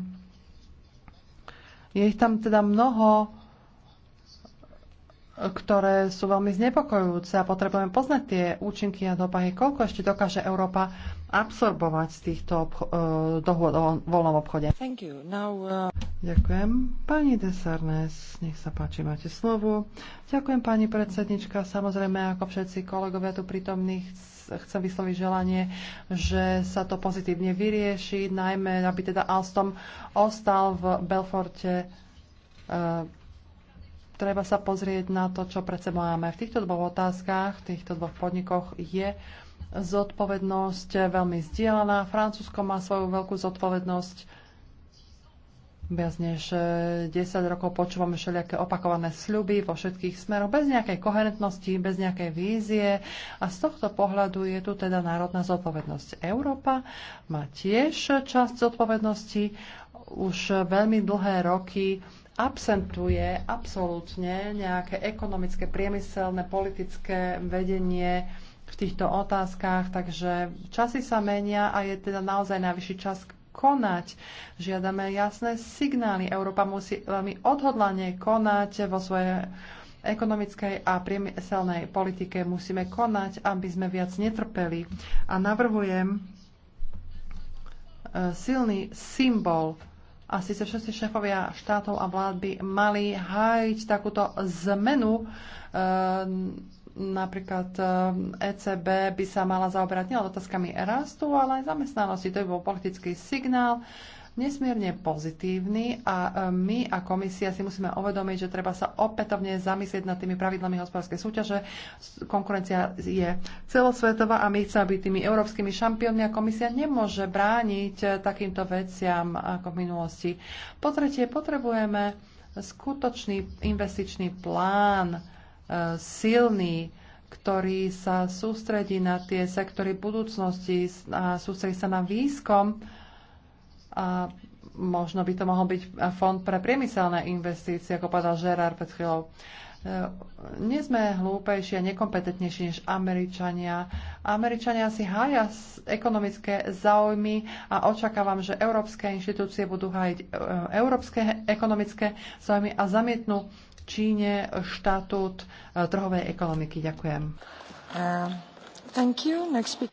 Je ich tam teda mnoho, ktoré sú veľmi znepokojujúce a potrebujeme poznať tie účinky a dopahy. Koľko ešte dokáže Európa absorbovať z týchto obcho- e, dohôd o voľnom obchode. Thank you. Now, uh... Ďakujem. Pani Desarnes, nech sa páči, máte slovo. Ďakujem, pani predsednička. Samozrejme, ako všetci kolegovia tu prítomných, chcem vysloviť želanie, že sa to pozitívne vyrieši, najmä aby teda Alstom ostal v Belforte uh, treba sa pozrieť na to, čo pred sebou máme. V týchto dvoch otázkach, v týchto dvoch podnikoch je uh, zodpovednosť veľmi zdieľaná. Francúzsko má svoju veľkú zodpovednosť. Viac než 10 e, rokov počúvame všelijaké opakované sľuby vo všetkých smeroch, bez nejakej koherentnosti, bez nejakej vízie. A z tohto pohľadu je tu teda národná zodpovednosť. Európa má tiež časť zodpovednosti. Už veľmi dlhé roky absentuje absolútne nejaké ekonomické, priemyselné, politické vedenie v týchto otázkach, takže časy sa menia a je teda naozaj najvyšší čas konať. Žiadame jasné signály. Európa musí veľmi odhodlane konať vo svojej ekonomickej a priemyselnej politike. Musíme konať, aby sme viac netrpeli. A navrhujem e, silný symbol a síce všetci šéfovia štátov a vlád by mali hájiť takúto zmenu e, Napríklad ECB eh, e by sa mala zaoberať nielen otázkami rastu, ale aj zamestnanosti. To je bol politický signál, nesmierne pozitívny a eh, my a komisia si musíme uvedomiť, že treba sa opätovne zamyslieť nad tými pravidlami hospodárskej súťaže. Konkurencia je celosvetová a my chceme byť tými európskymi šampiónmi a komisia nemôže brániť eh, takýmto veciam ako v minulosti. Po tretie, potrebujeme skutočný investičný plán silný, ktorý sa sústredí na tie sektory budúcnosti a sústredí sa na výskum. A možno by to mohol byť fond pre priemyselné investície, ako povedal Gerard pred chvíľou. Nie sme hlúpejší a nekompetentnejší než Američania. Američania si hája ekonomické záujmy a očakávam, že európske inštitúcie budú hájiť e, európske ekonomické záujmy a zamietnú Číne štatút eh, trhovej ekonomiky. Ďakujem. Uh, thank you. Next speak-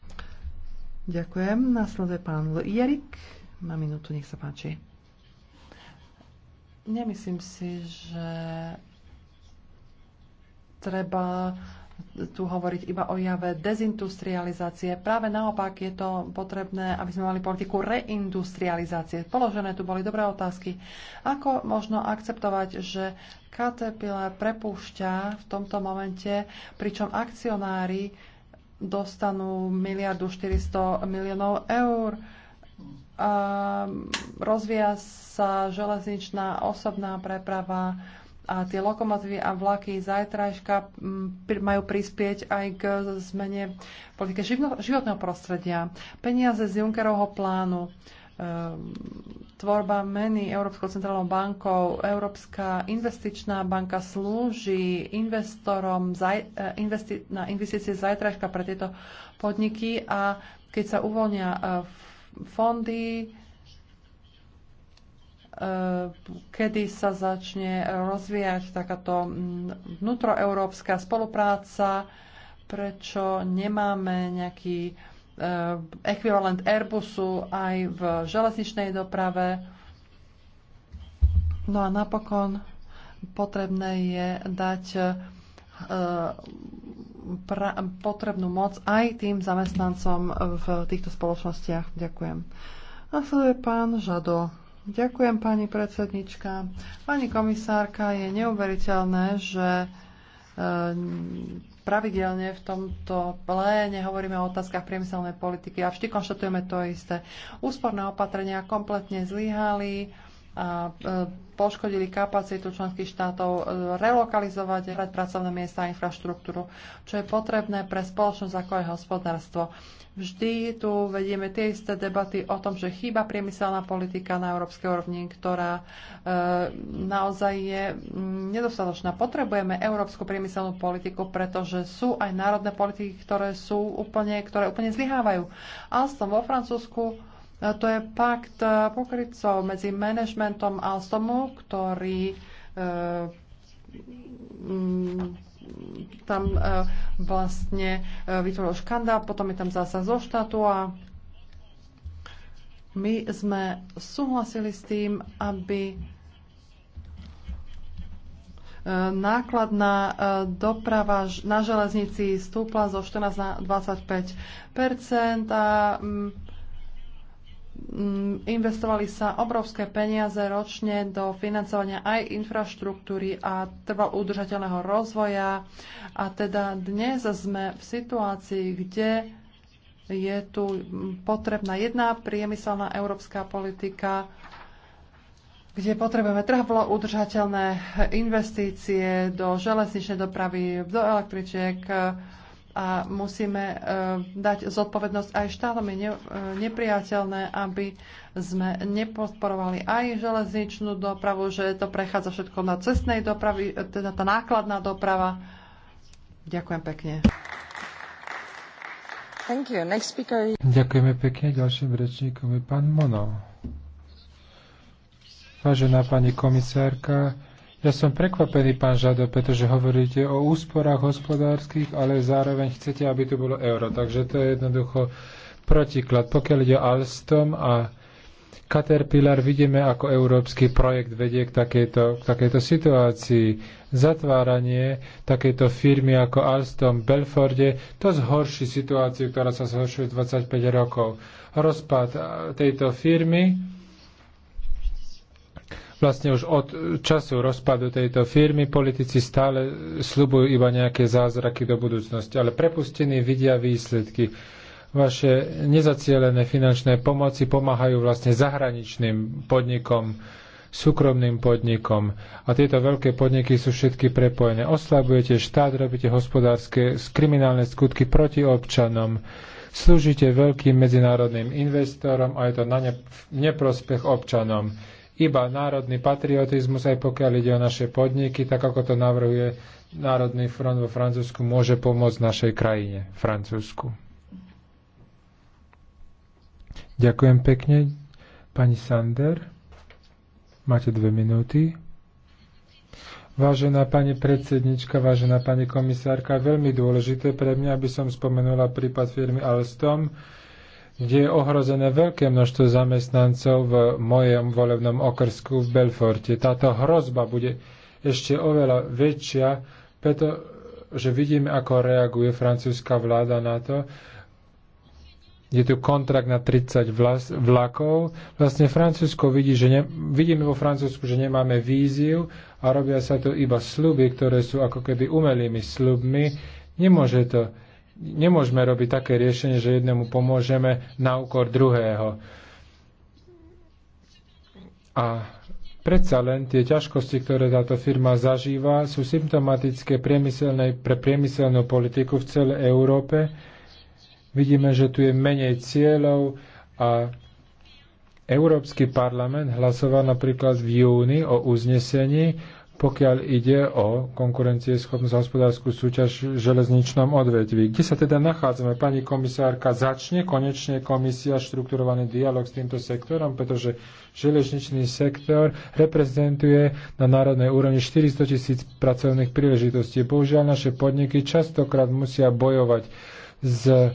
Ďakujem. Nasleduje pán Jerik. Má minútu, nech sa páči. Nemyslím si, že treba tu hovoriť iba o jave dezindustrializácie. Práve naopak je to potrebné, aby sme mali politiku reindustrializácie. Položené tu boli dobré otázky. Ako možno akceptovať, že Caterpillar prepúšťa v tomto momente, pričom akcionári dostanú miliardu 400 miliónov eur. A rozvíja sa železničná osobná preprava, a tie lokomotívy a vlaky zajtrajška mm, majú prispieť aj k zmene politike životného prostredia. Peniaze z Junckerovho plánu, ehm, tvorba meny Európskou centrálnou bankou, Európska investičná banka slúži investorom eh, na investície zajtrajška pre tieto podniky a keď sa uvoľnia eh, fondy, E, kedy sa začne rozvíjať takáto mm, vnútroeurópska spolupráca, prečo nemáme nejaký e, ekvivalent Airbusu aj v železničnej doprave. No a napokon potrebné je dať e, potrebnú moc aj tým zamestnancom v týchto spoločnostiach. Ďakujem. Nasleduje pán Žado. Ďakujem, pani predsednička. Pani komisárka, je neuveriteľné, že e, pravidelne v tomto pléne hovoríme o otázkach priemyselnej politiky a vždy konštatujeme to isté. Úsporné opatrenia kompletne zlyhali a e, poškodili kapacitu členských štátov e, relokalizovať pracovné miesta a infraštruktúru, čo je potrebné pre spoločnosť ako aj hospodárstvo. Vždy tu vedieme tie isté debaty o tom, že chýba priemyselná politika na európskej úrovni, ktorá e, naozaj je nedostatočná. Potrebujeme európsku priemyselnú politiku, pretože sú aj národné politiky, ktoré sú úplne, ktoré úplne zlyhávajú. Alstom vo Francúzsku to je pakt e, pokrytcov medzi manažmentom Alstomu, ktorý e, mm, tam e, vlastne vytvoril škandál, potom je tam zásah zo štátu a my sme súhlasili s tým, aby nákladná doprava na železnici stúpla zo 14 na 25 a mm, Mm, investovali sa obrovské peniaze ročne do financovania aj infraštruktúry a trval udržateľného rozvoja. A teda dnes sme v situácii, kde je tu potrebná jedna priemyselná európska politika, kde potrebujeme trhovo udržateľné investície do železničnej dopravy, do električiek, a musíme eh, dať zodpovednosť aj štátom. Je eh, nepriateľné, aby sme nepodporovali aj železničnú dopravu, že to prechádza všetko na cestnej dopravy, eh, teda tá nákladná doprava. Ďakujem pekne. Thank you. Next speaker... Ďakujeme pekne. Ďalším rečníkom je pán Mono. Vážená pani komisárka, ja som prekvapený, pán Žado, pretože hovoríte o úsporách hospodárskych, ale zároveň chcete, aby tu bolo euro. Takže to je jednoducho protiklad. Pokiaľ ide o Alstom a Caterpillar, vidíme, ako európsky projekt vedie k takejto, k takejto situácii. Zatváranie takejto firmy ako Alstom v Belforde, to zhorší situáciu, ktorá sa zhoršuje 25 rokov. Rozpad tejto firmy, vlastne už od času rozpadu tejto firmy politici stále slubujú iba nejaké zázraky do budúcnosti, ale prepustení vidia výsledky. Vaše nezacielené finančné pomoci pomáhajú vlastne zahraničným podnikom, súkromným podnikom. A tieto veľké podniky sú všetky prepojené. Oslabujete štát, robíte hospodárske kriminálne skutky proti občanom. Slúžite veľkým medzinárodným investorom a je to na neprospech občanom iba národný patriotizmus, aj pokiaľ ide o naše podniky, tak ako to navrhuje Národný front vo Francúzsku, môže pomôcť našej krajine, Francúzsku. Ďakujem pekne. Pani Sander, máte dve minúty. Vážená pani predsednička, vážená pani komisárka, veľmi dôležité pre mňa, aby som spomenula prípad firmy Alstom, kde je ohrozené veľké množstvo zamestnancov v mojom volebnom okrsku v Belforte. Táto hrozba bude ešte oveľa väčšia, pretože vidíme, ako reaguje francúzska vláda na to. Je tu kontrakt na 30 vlas, vlakov. Vlastne Francúzsko vidí, že ne, vidíme vo Francúzsku, že nemáme víziu a robia sa to iba sluby, ktoré sú ako keby umelými slubmi. Nemôže to nemôžeme robiť také riešenie, že jednému pomôžeme na úkor druhého. A predsa len tie ťažkosti, ktoré táto firma zažíva, sú symptomatické pre priemyselnú politiku v celej Európe. Vidíme, že tu je menej cieľov a Európsky parlament hlasoval napríklad v júni o uznesení, pokiaľ ide o konkurencieschopnosť hospodárskú súťaž v železničnom odvetví. Kde sa teda nachádzame? Pani komisárka, začne konečne komisia štrukturovaný dialog s týmto sektorom, pretože železničný sektor reprezentuje na národnej úrovni 400 tisíc pracovných príležitostí. Bohužiaľ, naše podniky častokrát musia bojovať s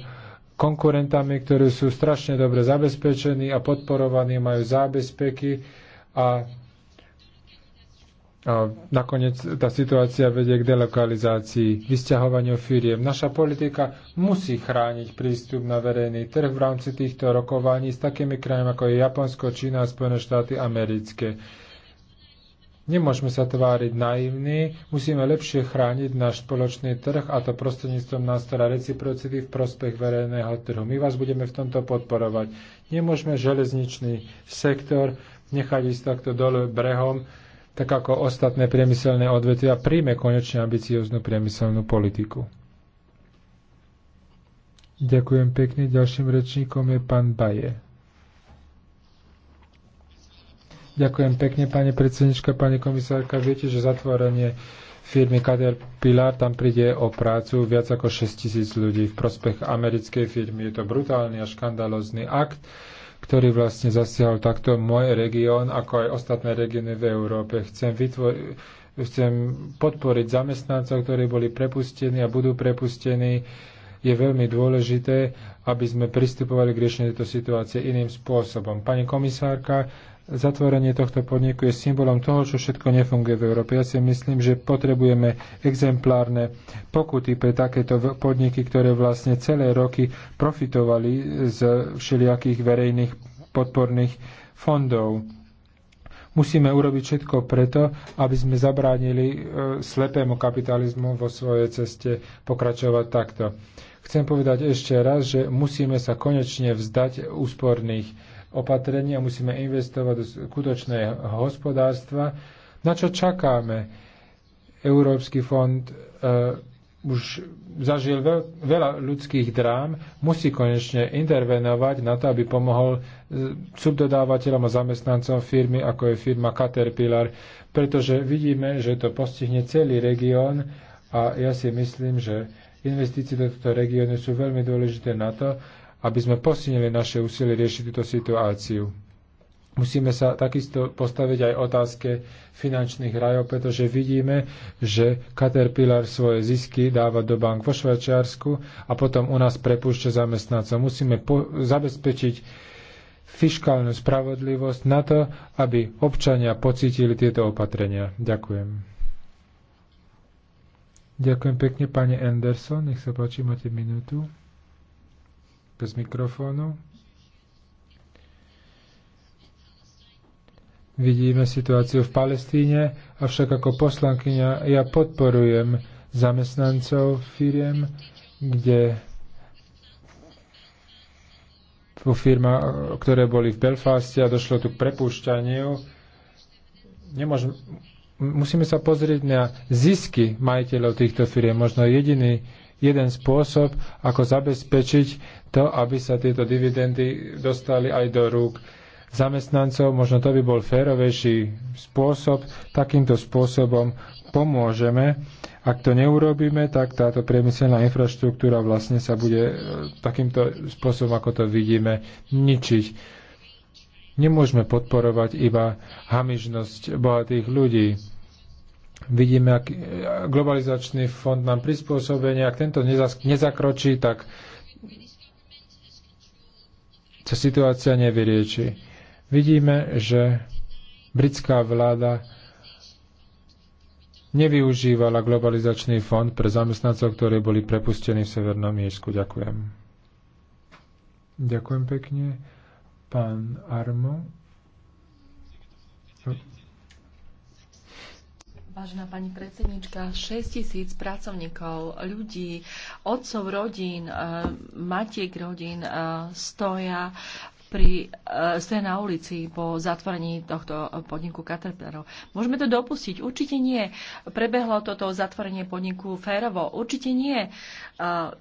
konkurentami, ktorí sú strašne dobre zabezpečení a podporovaní, majú zábezpeky a a nakoniec tá situácia vedie k delokalizácii, vysťahovaniu firiem. Naša politika musí chrániť prístup na verejný trh v rámci týchto rokovaní s takými krajami ako je Japonsko, Čína a Spojené štáty americké. Nemôžeme sa tváriť naivní, musíme lepšie chrániť náš spoločný trh a to prostredníctvom nástora reciprocity v prospech verejného trhu. My vás budeme v tomto podporovať. Nemôžeme železničný sektor nechať ísť takto dole brehom, tak ako ostatné priemyselné odvetvia, príjme konečne ambicióznu priemyselnú politiku. Ďakujem pekne. Ďalším rečníkom je pán Baje. Ďakujem pekne, pani predsednička, pani komisárka. Viete, že zatvorenie firmy Caterpillar, tam príde o prácu viac ako 6 tisíc ľudí v prospech americkej firmy. Je to brutálny a škandalózny akt ktorý vlastne zasiahol takto môj región, ako aj ostatné regióny v Európe. Chcem, vytvor- chcem podporiť zamestnancov, ktorí boli prepustení a budú prepustení je veľmi dôležité, aby sme pristupovali k riešeniu tejto situácie iným spôsobom. Pani komisárka, zatvorenie tohto podniku je symbolom toho, čo všetko nefunguje v Európe. Ja si myslím, že potrebujeme exemplárne pokuty pre takéto podniky, ktoré vlastne celé roky profitovali z všelijakých verejných podporných fondov. Musíme urobiť všetko preto, aby sme zabránili e, slepému kapitalizmu vo svojej ceste pokračovať takto. Chcem povedať ešte raz, že musíme sa konečne vzdať úsporných opatrení a musíme investovať do skutočného hospodárstva. Na čo čakáme? Európsky fond e, už zažil veľa ľudských drám, musí konečne intervenovať na to, aby pomohol e, subdodávateľom a zamestnancom firmy, ako je firma Caterpillar, pretože vidíme, že to postihne celý región a ja si myslím, že investície do tohto regiónu sú veľmi dôležité na to, aby sme posilnili naše úsilie riešiť túto situáciu. Musíme sa takisto postaviť aj otázke finančných rajov, pretože vidíme, že Caterpillar svoje zisky dáva do bank vo Švajčiarsku a potom u nás prepúšťa zamestnancov. Musíme zabezpečiť fiškálnu spravodlivosť na to, aby občania pocítili tieto opatrenia. Ďakujem. Ďakujem pekne, pani Anderson. Nech sa páči, máte minútu. Bez mikrofónu. Vidíme situáciu v Palestíne, avšak ako poslankyňa ja podporujem zamestnancov firiem, kde vo firma, ktoré boli v Belfaste a došlo tu k prepúšťaniu. Nemôžem, musíme sa pozrieť na zisky majiteľov týchto firiem. Možno jediný jeden spôsob, ako zabezpečiť to, aby sa tieto dividendy dostali aj do rúk zamestnancov. Možno to by bol férovejší spôsob. Takýmto spôsobom pomôžeme. Ak to neurobíme, tak táto priemyselná infraštruktúra vlastne sa bude e, takýmto spôsobom, ako to vidíme, ničiť. Nemôžeme podporovať iba hamižnosť bohatých ľudí. Vidíme, ak e, globalizačný fond nám prispôsobenie, ak tento nezakročí, tak sa situácia nevyrieči. Vidíme, že britská vláda nevyužívala globalizačný fond pre zamestnancov, ktorí boli prepustení v Severnom Írsku. Ďakujem. Ďakujem pekne. Pán Armo. Vážená pani predsednička, 6 tisíc pracovníkov, ľudí, otcov rodín, eh, matiek rodín eh, stoja pri e, ste na ulici po zatvorení tohto podniku Caterpillarov. Môžeme to dopustiť? Určite nie. Prebehlo toto zatvorenie podniku férovo? Určite nie. E,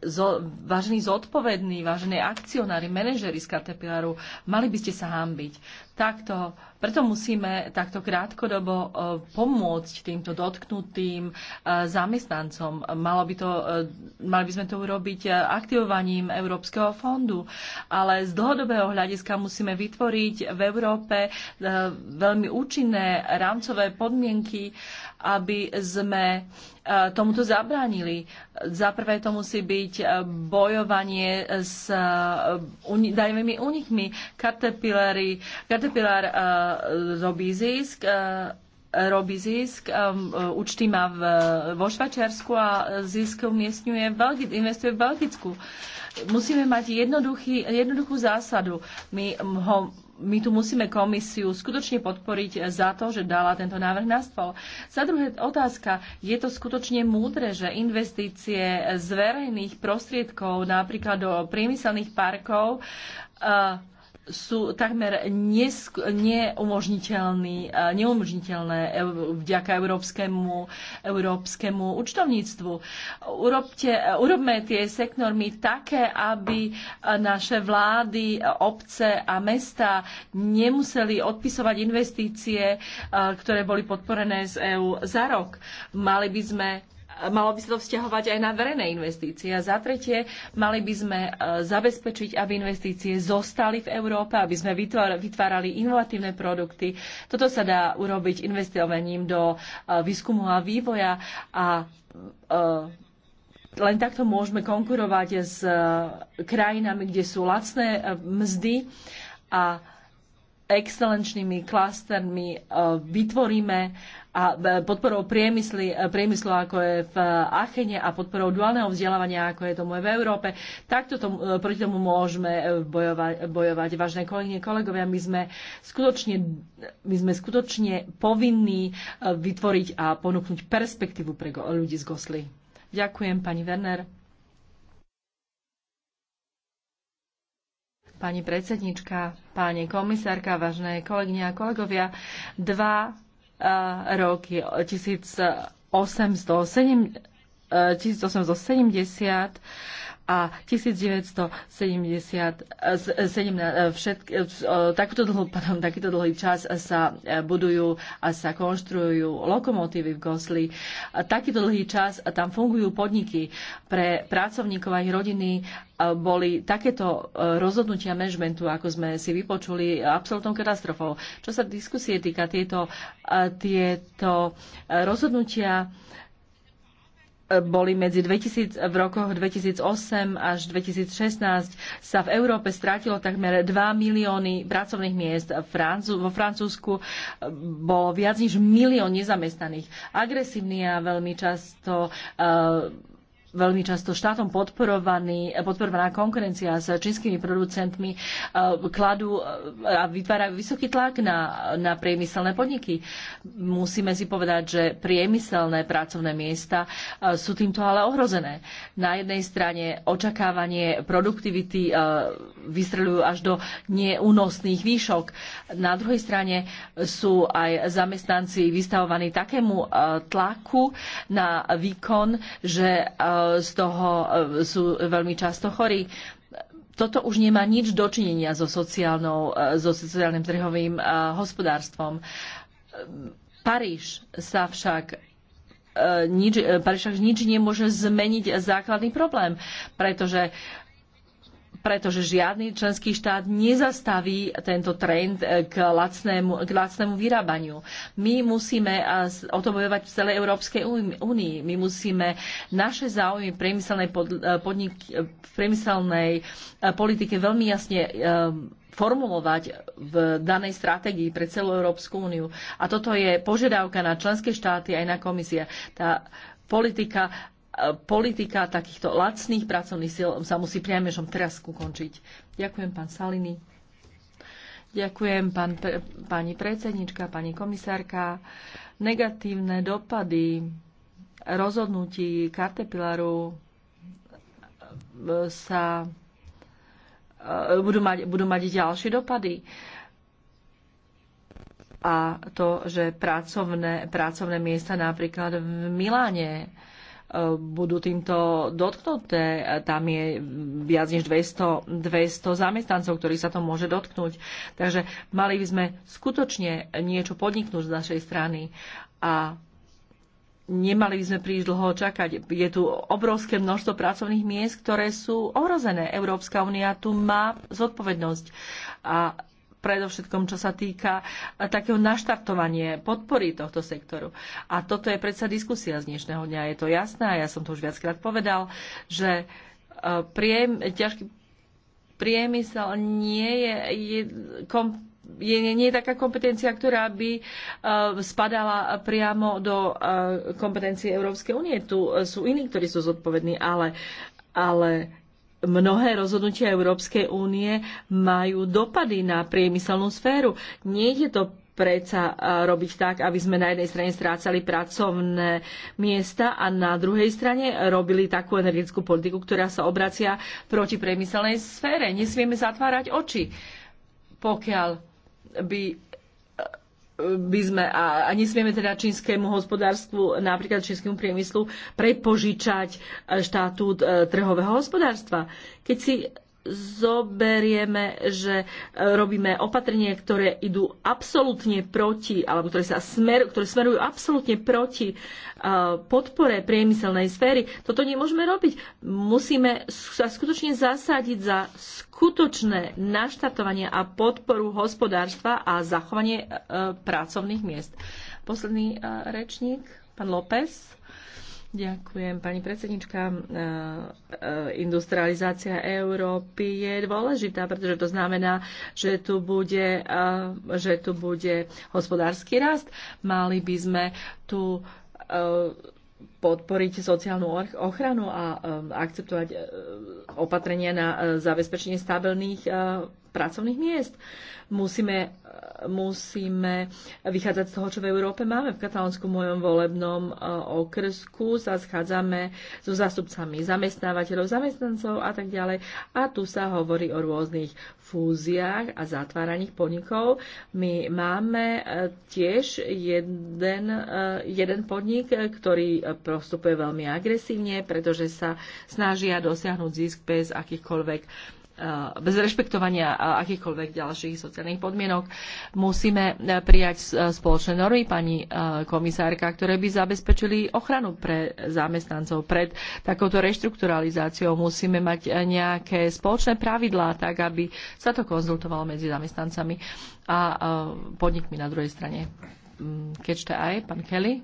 zo, vážení zodpovední, vážení akcionári, manažeri z Caterpillaru, mali by ste sa hambiť takto, preto musíme takto krátkodobo e, pomôcť týmto dotknutým e, zamestnancom. Malo by to, e, mali by sme to urobiť aktivovaním Európskeho fondu, ale z dlhodobého hľadiska musíme vytvoriť v Európe veľmi účinné rámcové podmienky aby sme e, tomuto zabránili. Za prvé to musí byť e, bojovanie s e, dajmými únikmi. Caterpillar robí zisk, robí zisk, účty má vo Švačiarsku a zisk umiestňuje investuje v Belgicku. Musíme mať jednoduchý, jednoduchú zásadu. My ho my tu musíme komisiu skutočne podporiť za to, že dala tento návrh na stôl. Za druhé otázka, je to skutočne múdre, že investície z verejných prostriedkov, napríklad do priemyselných parkov, uh, sú takmer e, neumožniteľné vďaka európskemu, európskemu účtovníctvu. Urobte, urobme tie sektormy také, aby e, naše vlády, obce a mesta nemuseli odpisovať investície, e, ktoré boli podporené z EÚ za rok. Mali by sme malo by sa to vzťahovať aj na verejné investície. A za tretie, mali by sme e, zabezpečiť, aby investície zostali v Európe, aby sme vytvárali inovatívne produkty. Toto sa dá urobiť investovaním do e, výskumu a vývoja a e, len takto môžeme konkurovať s krajinami, kde sú lacné mzdy a excelenčnými klastermi vytvoríme a e, podporou priemysly, e, priemyslu, ako je v Achene a podporou duálneho vzdelávania, ako je tomu aj v Európe. Takto tomu, e, proti tomu môžeme bojovať, bojovať. Vážne kolegyne, kolegovia, my sme, skutočne, my sme skutočne povinní vytvoriť a ponúknuť perspektívu pre ľudí z Gosly. Ďakujem, pani Werner. Pani predsednička, pani komisárka, vážne kolegyne a kolegovia, dva rok je 1870 a 1970 takýto dlhý čas sa e, budujú a sa konštruujú lokomotívy v Gosli. Takýto dlhý čas tam fungujú podniky pre pracovníkov a ich rodiny e, boli takéto e, rozhodnutia manažmentu, ako sme si vypočuli, absolútnou katastrofou. Čo sa diskusie týka, tieto, tieto rozhodnutia boli medzi 2000, v rokoch 2008 až 2016 sa v Európe strátilo takmer 2 milióny pracovných miest. Vo Francúzsku e, bolo viac než milión nezamestnaných. Agresívny a veľmi často uh, veľmi často štátom podporovaný, podporovaná konkurencia s čínskymi producentmi e, kladú e, a vytvárajú vysoký tlak na, na priemyselné podniky. Musíme si povedať, že priemyselné pracovné miesta e, sú týmto ale ohrozené. Na jednej strane očakávanie produktivity vystreľujú až do neúnosných výšok. Na druhej strane sú aj zamestnanci vystavovaní takému tlaku na výkon, že z toho e, sú veľmi často chorí. Toto už nemá nič dočinenia so, sociálnou, e, so sociálnym trhovým e, hospodárstvom. Paríž sa však nič, Paríž však nič nemôže zmeniť základný problém, pretože pretože žiadny členský štát nezastaví tento trend eh, k lacnému, k lacnému vyrábaniu. My musíme eh, o to bojovať v celej Európskej únii. My musíme naše záujmy priemyselnej, pod, eh, podnik, v priemyselnej politike veľmi jasne formulovať v danej stratégii pre celú Európsku úniu. A toto je požiadavka na členské štáty aj na komisie. Tá politika politika takýchto lacných pracovných síl sa musí priamežom teraz ukončiť. Ďakujem, pán Saliny. Ďakujem, pán, pre, pani predsednička, pani komisárka. Negatívne dopady rozhodnutí Caterpillaru e, sa e, budú mať, budú mať ďalšie dopady a to, že pracovné, pracovné miesta napríklad v Miláne budú týmto dotknuté. Tam je viac než 200, 200 zamestnancov, ktorí sa to môže dotknúť. Takže mali by sme skutočne niečo podniknúť z našej strany a nemali by sme príliš dlho čakať. Je tu obrovské množstvo pracovných miest, ktoré sú ohrozené. Európska únia tu má zodpovednosť a predovšetkom, čo sa týka eh, takého naštartovania podpory tohto sektoru. A toto je predsa diskusia z dnešného dňa. Je to jasné a ja som to už viackrát povedal, že eh, priem, ťažký priemysel nie je, je kom, je, nie, nie je taká kompetencia, ktorá by uh, spadala priamo do uh, kompetencie Európskej únie. Tu sú iní, ktorí sú zodpovední, ale, ale mnohé rozhodnutia Európskej únie majú dopady na priemyselnú sféru. Nie je to predsa robiť tak, aby sme na jednej strane strácali pracovné miesta a na druhej strane robili takú energetickú politiku, ktorá sa obracia proti priemyselnej sfére. Nesmieme zatvárať oči, pokiaľ by by sme a, a nesmieme teda čínskemu hospodárstvu, napríklad čínskemu priemyslu, prepožičať e, štatút e, trhového hospodárstva. Keď si zoberieme, že e, robíme opatrenie, ktoré idú absolútne proti, alebo ktoré, sa smer, ktoré smerujú absolútne proti e, podpore priemyselnej sféry, toto nemôžeme robiť. Musíme sa skutočne zasadiť za skutočné naštartovanie a podporu hospodárstva a zachovanie e, pracovných miest. Posledný rečník, pán López. Ďakujem, pani predsednička. E, e, industrializácia Európy je dôležitá, pretože to znamená, že tu bude, e, že tu bude hospodársky rast. Mali by sme tu podporiť sociálnu ochranu a akceptovať opatrenia na zabezpečenie stabilných pracovných miest. Musíme, e, musíme vychádzať z toho, čo v Európe máme. V Katalánsku mojom volebnom e, okrsku sa schádzame so zástupcami zamestnávateľov, zamestnancov a tak ďalej. A tu sa hovorí o rôznych fúziách a zatváraných podnikov. My máme e, tiež jeden, jeden podnik, ktorý prostupuje veľmi agresívne, pretože sa snažia dosiahnuť zisk bez akýchkoľvek Eh, bez rešpektovania eh, akýchkoľvek ďalších sociálnych podmienok. Musíme eh, prijať spoločné normy, pani komisárka, ktoré by zabezpečili ochranu pre zamestnancov pred takouto reštrukturalizáciou. Musíme mať nejaké spoločné pravidlá, tak aby sa to konzultovalo medzi zamestnancami a podnikmi na druhej strane. Keďte mm, aj, pán Kelly.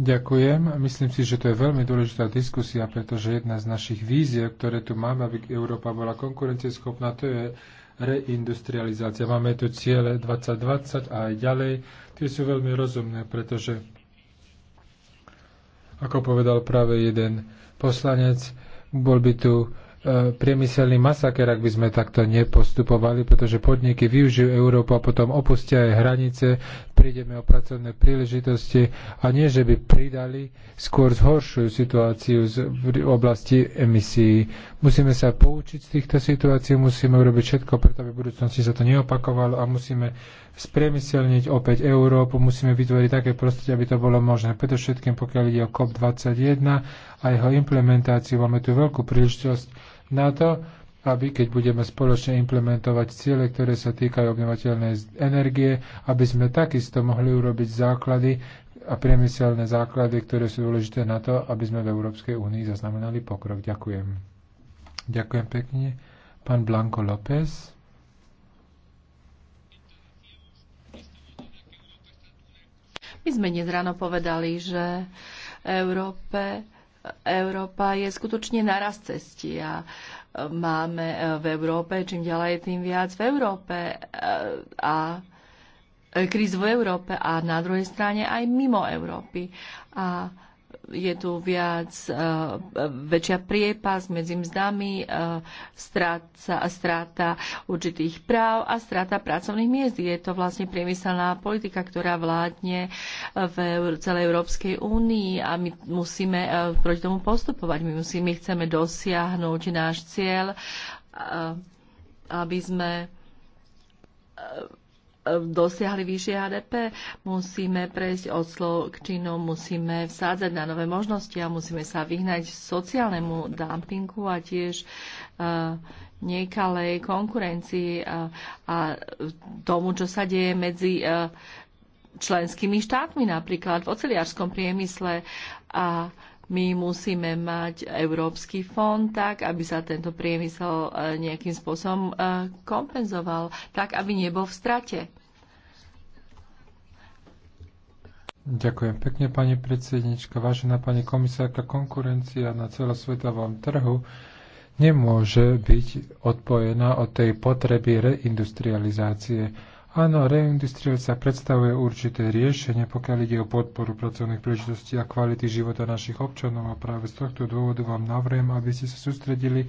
Ďakujem. Myslím si, že to je veľmi dôležitá diskusia, pretože jedna z našich víziev, ktoré tu máme, aby Európa bola konkurencieschopná, to je reindustrializácia. Máme tu ciele 2020 a aj ďalej. Tie sú veľmi rozumné, pretože, ako povedal práve jeden poslanec, bol by tu e, priemyselný masaker, ak by sme takto nepostupovali, pretože podniky využijú Európu a potom opustia aj hranice, prídeme o pracovné príležitosti a nie, že by pridali, skôr zhoršujú situáciu v oblasti emisí. Musíme sa poučiť z týchto situácií, musíme urobiť všetko, preto aby v budúcnosti sa to neopakovalo a musíme spremyselniť opäť Európu, musíme vytvoriť také prostredie, aby to bolo možné. Preto všetkým, pokiaľ ide o COP21 a jeho implementáciu, máme tu veľkú príležitosť na to, aby keď budeme spoločne implementovať ciele, ktoré sa týkajú obnovateľnej energie, aby sme takisto mohli urobiť základy a priemyselné základy, ktoré sú dôležité na to, aby sme v Európskej únii zaznamenali pokrok. Ďakujem. Ďakujem pekne. Pán Blanco López. My sme dnes ráno povedali, že Európe, Európa je skutočne naraz cesti a máme e, v Európe, čím ďalej, tým viac v Európe e, a e, kríz v Európe a na druhej strane aj mimo Európy. A je tu viac, eh, väčšia priepas medzi mzdami, eh, stráca, stráta určitých práv a stráta pracovných miest. Je to vlastne priemyselná politika, ktorá vládne eh, v celej Európskej únii a my musíme proti tomu postupovať. My, musíme, my chceme dosiahnuť náš cieľ, aby sme dosiahli vyššie HDP, musíme prejsť od slov k činom, musíme vsádzať na nové možnosti a musíme sa vyhnať sociálnemu dumpingu a tiež uh, nekalej konkurencii a, a tomu, čo sa deje medzi uh, členskými štátmi, napríklad v oceliarskom priemysle a uh, my musíme mať Európsky fond tak, aby sa tento priemysel e, nejakým spôsobom e, kompenzoval, tak, aby nebol v strate. Ďakujem pekne, pani predsednička. Vážená pani komisárka, konkurencia na celosvetovom trhu nemôže byť odpojená od tej potreby reindustrializácie Áno, reindustrializácia predstavuje určité riešenie, pokiaľ ide o podporu pracovných príležitostí a kvality života našich občanov a práve z tohto dôvodu vám navriem, aby ste sa sústredili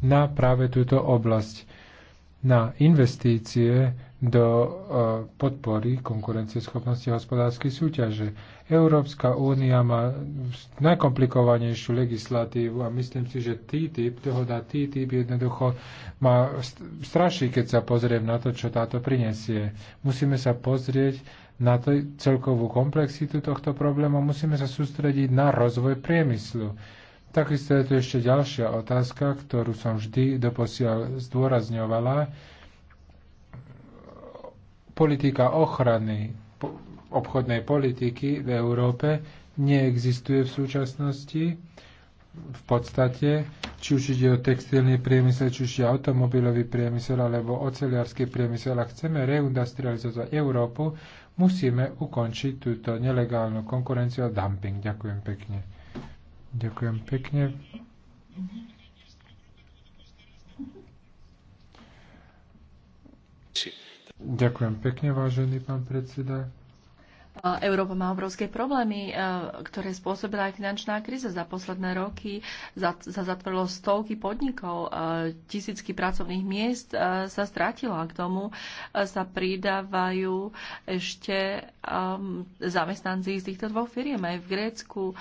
na práve túto oblasť na investície do e, podpory konkurencieschopnosti hospodárskej súťaže. Európska únia má najkomplikovanejšiu legislatívu a myslím si, že TTIP, dohoda TTIP jednoducho má straší, keď sa pozriem na to, čo táto prinesie. Musíme sa pozrieť na to celkovú komplexitu tohto problému, musíme sa sústrediť na rozvoj priemyslu Takisto je tu ešte ďalšia otázka, ktorú som vždy doposiaľ zdôrazňovala. Politika ochrany obchodnej politiky v Európe neexistuje v súčasnosti. V podstate, či už ide o textilný priemysel, či už ide automobilový priemysel alebo oceliarský priemysel, ak chceme reindustrializovať Európu, musíme ukončiť túto nelegálnu konkurenciu a dumping. Ďakujem pekne. Ďakujem pekne. Ďakujem pekne, vážený pán predseda. Európa má obrovské problémy, e, ktoré spôsobila aj finančná kríza za posledné roky. Sa zatvorilo stovky podnikov, e, tisícky pracovných miest e, sa stratilo a k tomu sa pridávajú ešte zamestnanci z týchto dvoch firiem. Aj v Grécku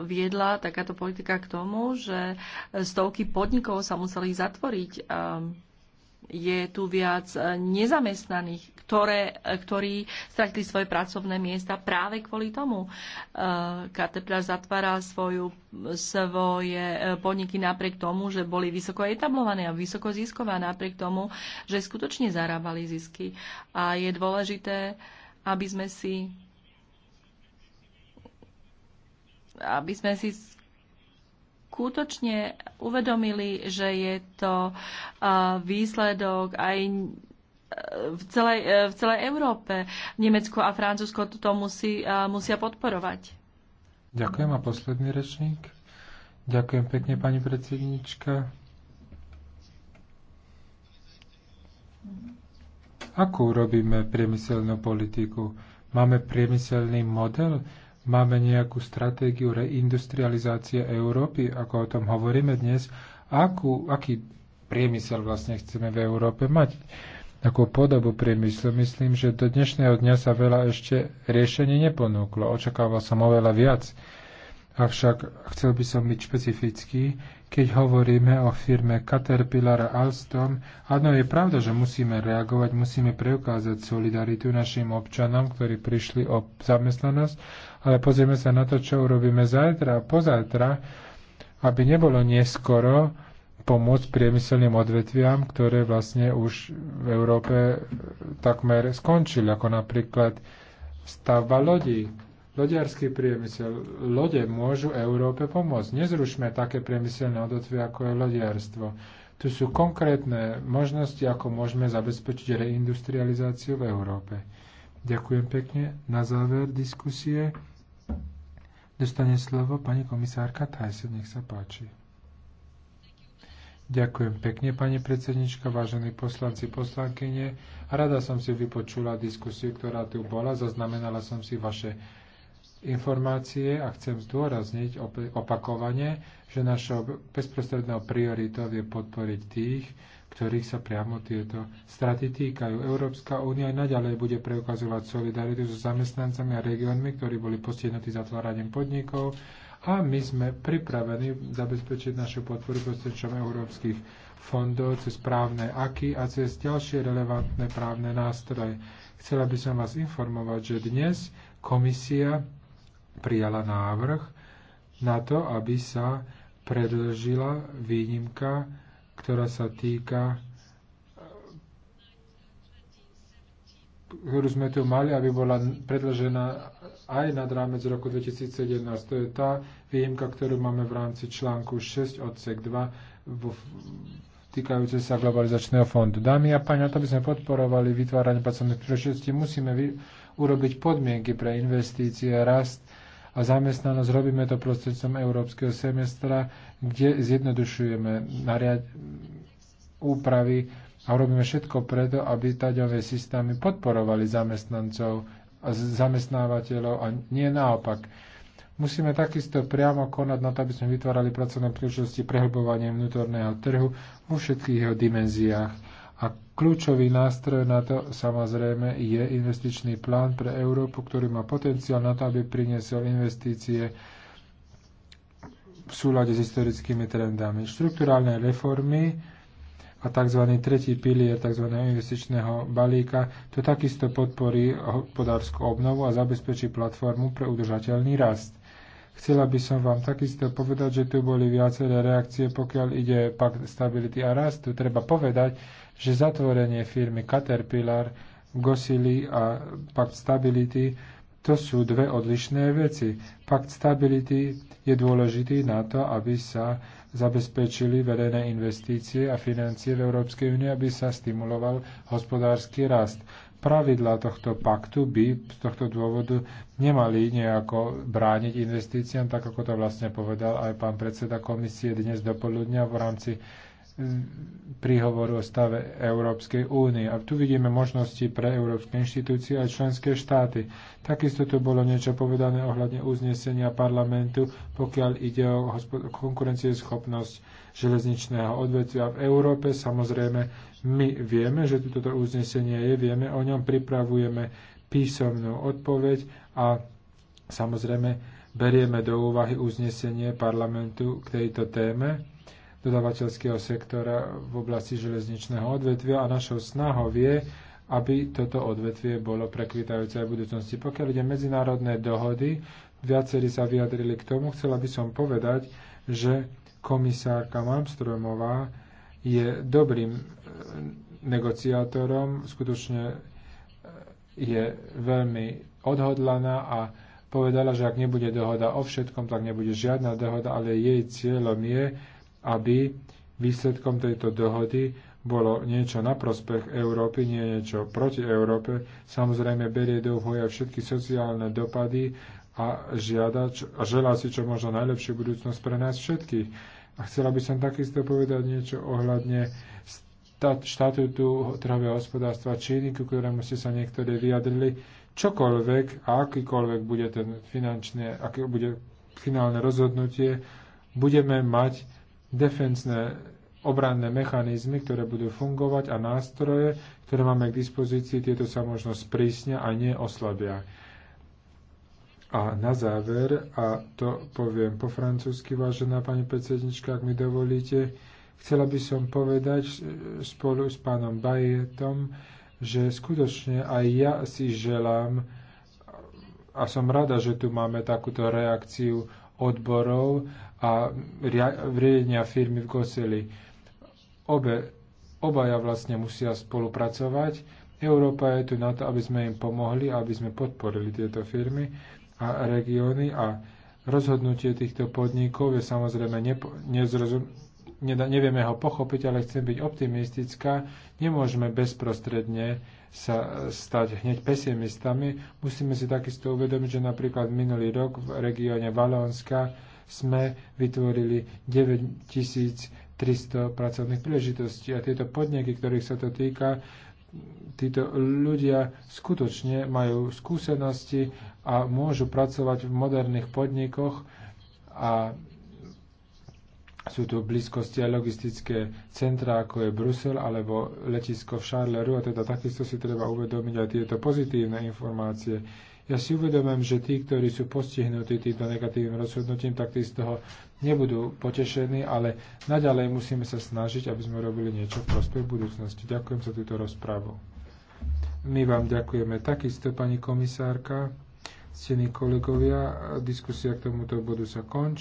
viedla takáto politika k tomu, že stovky podnikov sa museli zatvoriť je tu viac eh, nezamestnaných, ktoré, eh, ktorí stratili svoje pracovné miesta práve kvôli tomu. Eh, Caterpillar zatvára svoju, svoje podniky napriek tomu, že boli vysoko etablované a vysoko ziskové, napriek tomu, že skutočne zarábali zisky. A je dôležité, aby sme si aby sme si skutočne uvedomili, že je to výsledok aj e, v celej, e, v celej Európe. Nemecko a Francúzsko to musí, musia podporovať. Ďakujem a posledný rečník. Ďakujem pekne, pani predsednička. Ako urobíme priemyselnú politiku? Máme priemyselný model? Máme nejakú stratégiu reindustrializácie Európy, ako o tom hovoríme dnes, akú, aký priemysel vlastne chceme v Európe mať, ako podobu priemyslu. Myslím, že do dnešného dňa sa veľa ešte riešenie neponúklo. Očakával som oveľa viac. Avšak chcel by som byť špecifický keď hovoríme o firme Caterpillar a Alstom, áno, je pravda, že musíme reagovať, musíme preukázať solidaritu našim občanom, ktorí prišli o zamestnanosť, ale pozrieme sa na to, čo urobíme zajtra a pozajtra, aby nebolo neskoro pomôcť priemyselným odvetviam, ktoré vlastne už v Európe takmer skončili, ako napríklad stavba lodí Lodiarský priemysel. Lode môžu Európe pomôcť. Nezrušme také priemyselné odvetvie, ako je lodiarstvo. Tu sú konkrétne možnosti, ako môžeme zabezpečiť reindustrializáciu v Európe. Ďakujem pekne. Na záver diskusie dostane slovo pani komisárka Tyson. Nech sa páči. Ďakujem pekne, pani predsednička, vážení poslanci, poslankyne. Rada som si vypočula diskusiu, ktorá tu bola. Zaznamenala som si vaše informácie a chcem zdôrazniť opakovane, že našou bezprostrednou prioritou je podporiť tých, ktorých sa priamo tieto straty týkajú. Európska únia aj naďalej bude preukazovať solidaritu so zamestnancami a regiónmi, ktorí boli postihnutí zatváraním podnikov a my sme pripravení zabezpečiť našu podporu prostredníctvom európskych fondov cez právne aky a cez ďalšie relevantné právne nástroje. Chcela by som vás informovať, že dnes komisia prijala návrh na to, aby sa predlžila výnimka, ktorá sa týka ktorú sme tu mali, aby bola predložená aj nad rámec roku 2017. To je tá výjimka, ktorú máme v rámci článku 6 odsek 2 v, týkajúce sa globalizačného fondu. Dámy a páni, na to by sme podporovali vytváranie pracovných príležitostí, musíme vy, urobiť podmienky pre investície, rast, a zamestnanosť. Robíme to prostredcom európskeho semestra, kde zjednodušujeme nariad úpravy a robíme všetko preto, aby taďové systémy podporovali zamestnancov a zamestnávateľov a nie naopak. Musíme takisto priamo konať na to, aby sme vytvárali pracovné príležitosti prehlbovanie vnútorného trhu vo všetkých jeho dimenziách a kľúčový nástroj na to samozrejme je investičný plán pre Európu, ktorý má potenciál na to, aby priniesol investície v súlade s historickými trendami. Štruktúrálne reformy a tzv. tretí pilier tzv. investičného balíka to takisto podporí hospodárskú obnovu a zabezpečí platformu pre udržateľný rast. Chcela by som vám takisto povedať, že tu boli viaceré reakcie, pokiaľ ide pakt stability a rastu. Treba povedať, že zatvorenie firmy Caterpillar, Gosili a pact Stability to sú dve odlišné veci. Pakt stability je dôležitý na to, aby sa zabezpečili verejné investície a financie v Európskej únie, aby sa stimuloval hospodársky rast. Pravidla tohto paktu by z tohto dôvodu nemali nejako brániť investíciám, tak ako to vlastne povedal aj pán predseda komisie dnes dopoludňa v rámci príhovoru o stave Európskej únie. A tu vidíme možnosti pre európske inštitúcie a členské štáty. Takisto tu bolo niečo povedané ohľadne uznesenia parlamentu, pokiaľ ide o konkurencieschopnosť železničného odvetvia v Európe. Samozrejme, my vieme, že toto uznesenie je, vieme o ňom, pripravujeme písomnú odpoveď a samozrejme berieme do úvahy uznesenie parlamentu k tejto téme dodavateľského sektora v oblasti železničného odvetvia a našou snahou je, aby toto odvetvie bolo prekvitajúce aj v budúcnosti. Pokiaľ ide medzinárodné dohody, viacerí sa vyjadrili k tomu. Chcela by som povedať, že komisárka Malmstromová je dobrým e, negociátorom, skutočne e, je veľmi odhodlaná a povedala, že ak nebude dohoda o všetkom, tak nebude žiadna dohoda, ale jej cieľom je aby výsledkom tejto dohody bolo niečo na prospech Európy, nie niečo proti Európe. Samozrejme berie do úvoja všetky sociálne dopady a žiada a želá si čo možno najlepšiu budúcnosť pre nás všetkých. A chcela by som takisto povedať niečo ohľadne štatútu trhového hospodárstva Číny, ku ktorému ste sa niektorí vyjadrili. Čokoľvek a akýkoľvek bude ten finančné, aké bude finálne rozhodnutie, budeme mať defensné obranné mechanizmy, ktoré budú fungovať a nástroje, ktoré máme k dispozícii, tieto sa možno sprísnia a neoslabia. A na záver, a to poviem po francúzsky, vážená pani predsednička, ak mi dovolíte, chcela by som povedať spolu s pánom Bajetom, že skutočne aj ja si želám a som rada, že tu máme takúto reakciu odborov a riadenia firmy v Goseli. Obe, obaja vlastne musia spolupracovať. Európa je tu na to, aby sme im pomohli, aby sme podporili tieto firmy a regióny a rozhodnutie týchto podnikov je samozrejme nepo, nezrozum, nevieme ho pochopiť, ale chcem byť optimistická. Nemôžeme bezprostredne sa stať hneď pesimistami. Musíme si takisto uvedomiť, že napríklad minulý rok v regióne Valónska sme vytvorili 9300 pracovných príležitostí a tieto podniky, ktorých sa to týka, títo ľudia skutočne majú skúsenosti a môžu pracovať v moderných podnikoch a sú tu blízkosti a logistické centra, ako je Brusel alebo letisko v Charleru a teda takisto si treba uvedomiť aj tieto pozitívne informácie. Ja si uvedomujem, že tí, ktorí sú postihnutí týmto negatívnym rozhodnutím, tak tí z toho nebudú potešení, ale naďalej musíme sa snažiť, aby sme robili niečo v prospech budúcnosti. Ďakujem za túto rozprávu. My vám ďakujeme takisto, pani komisárka, ctení kolegovia. Diskusia k tomuto bodu sa končí.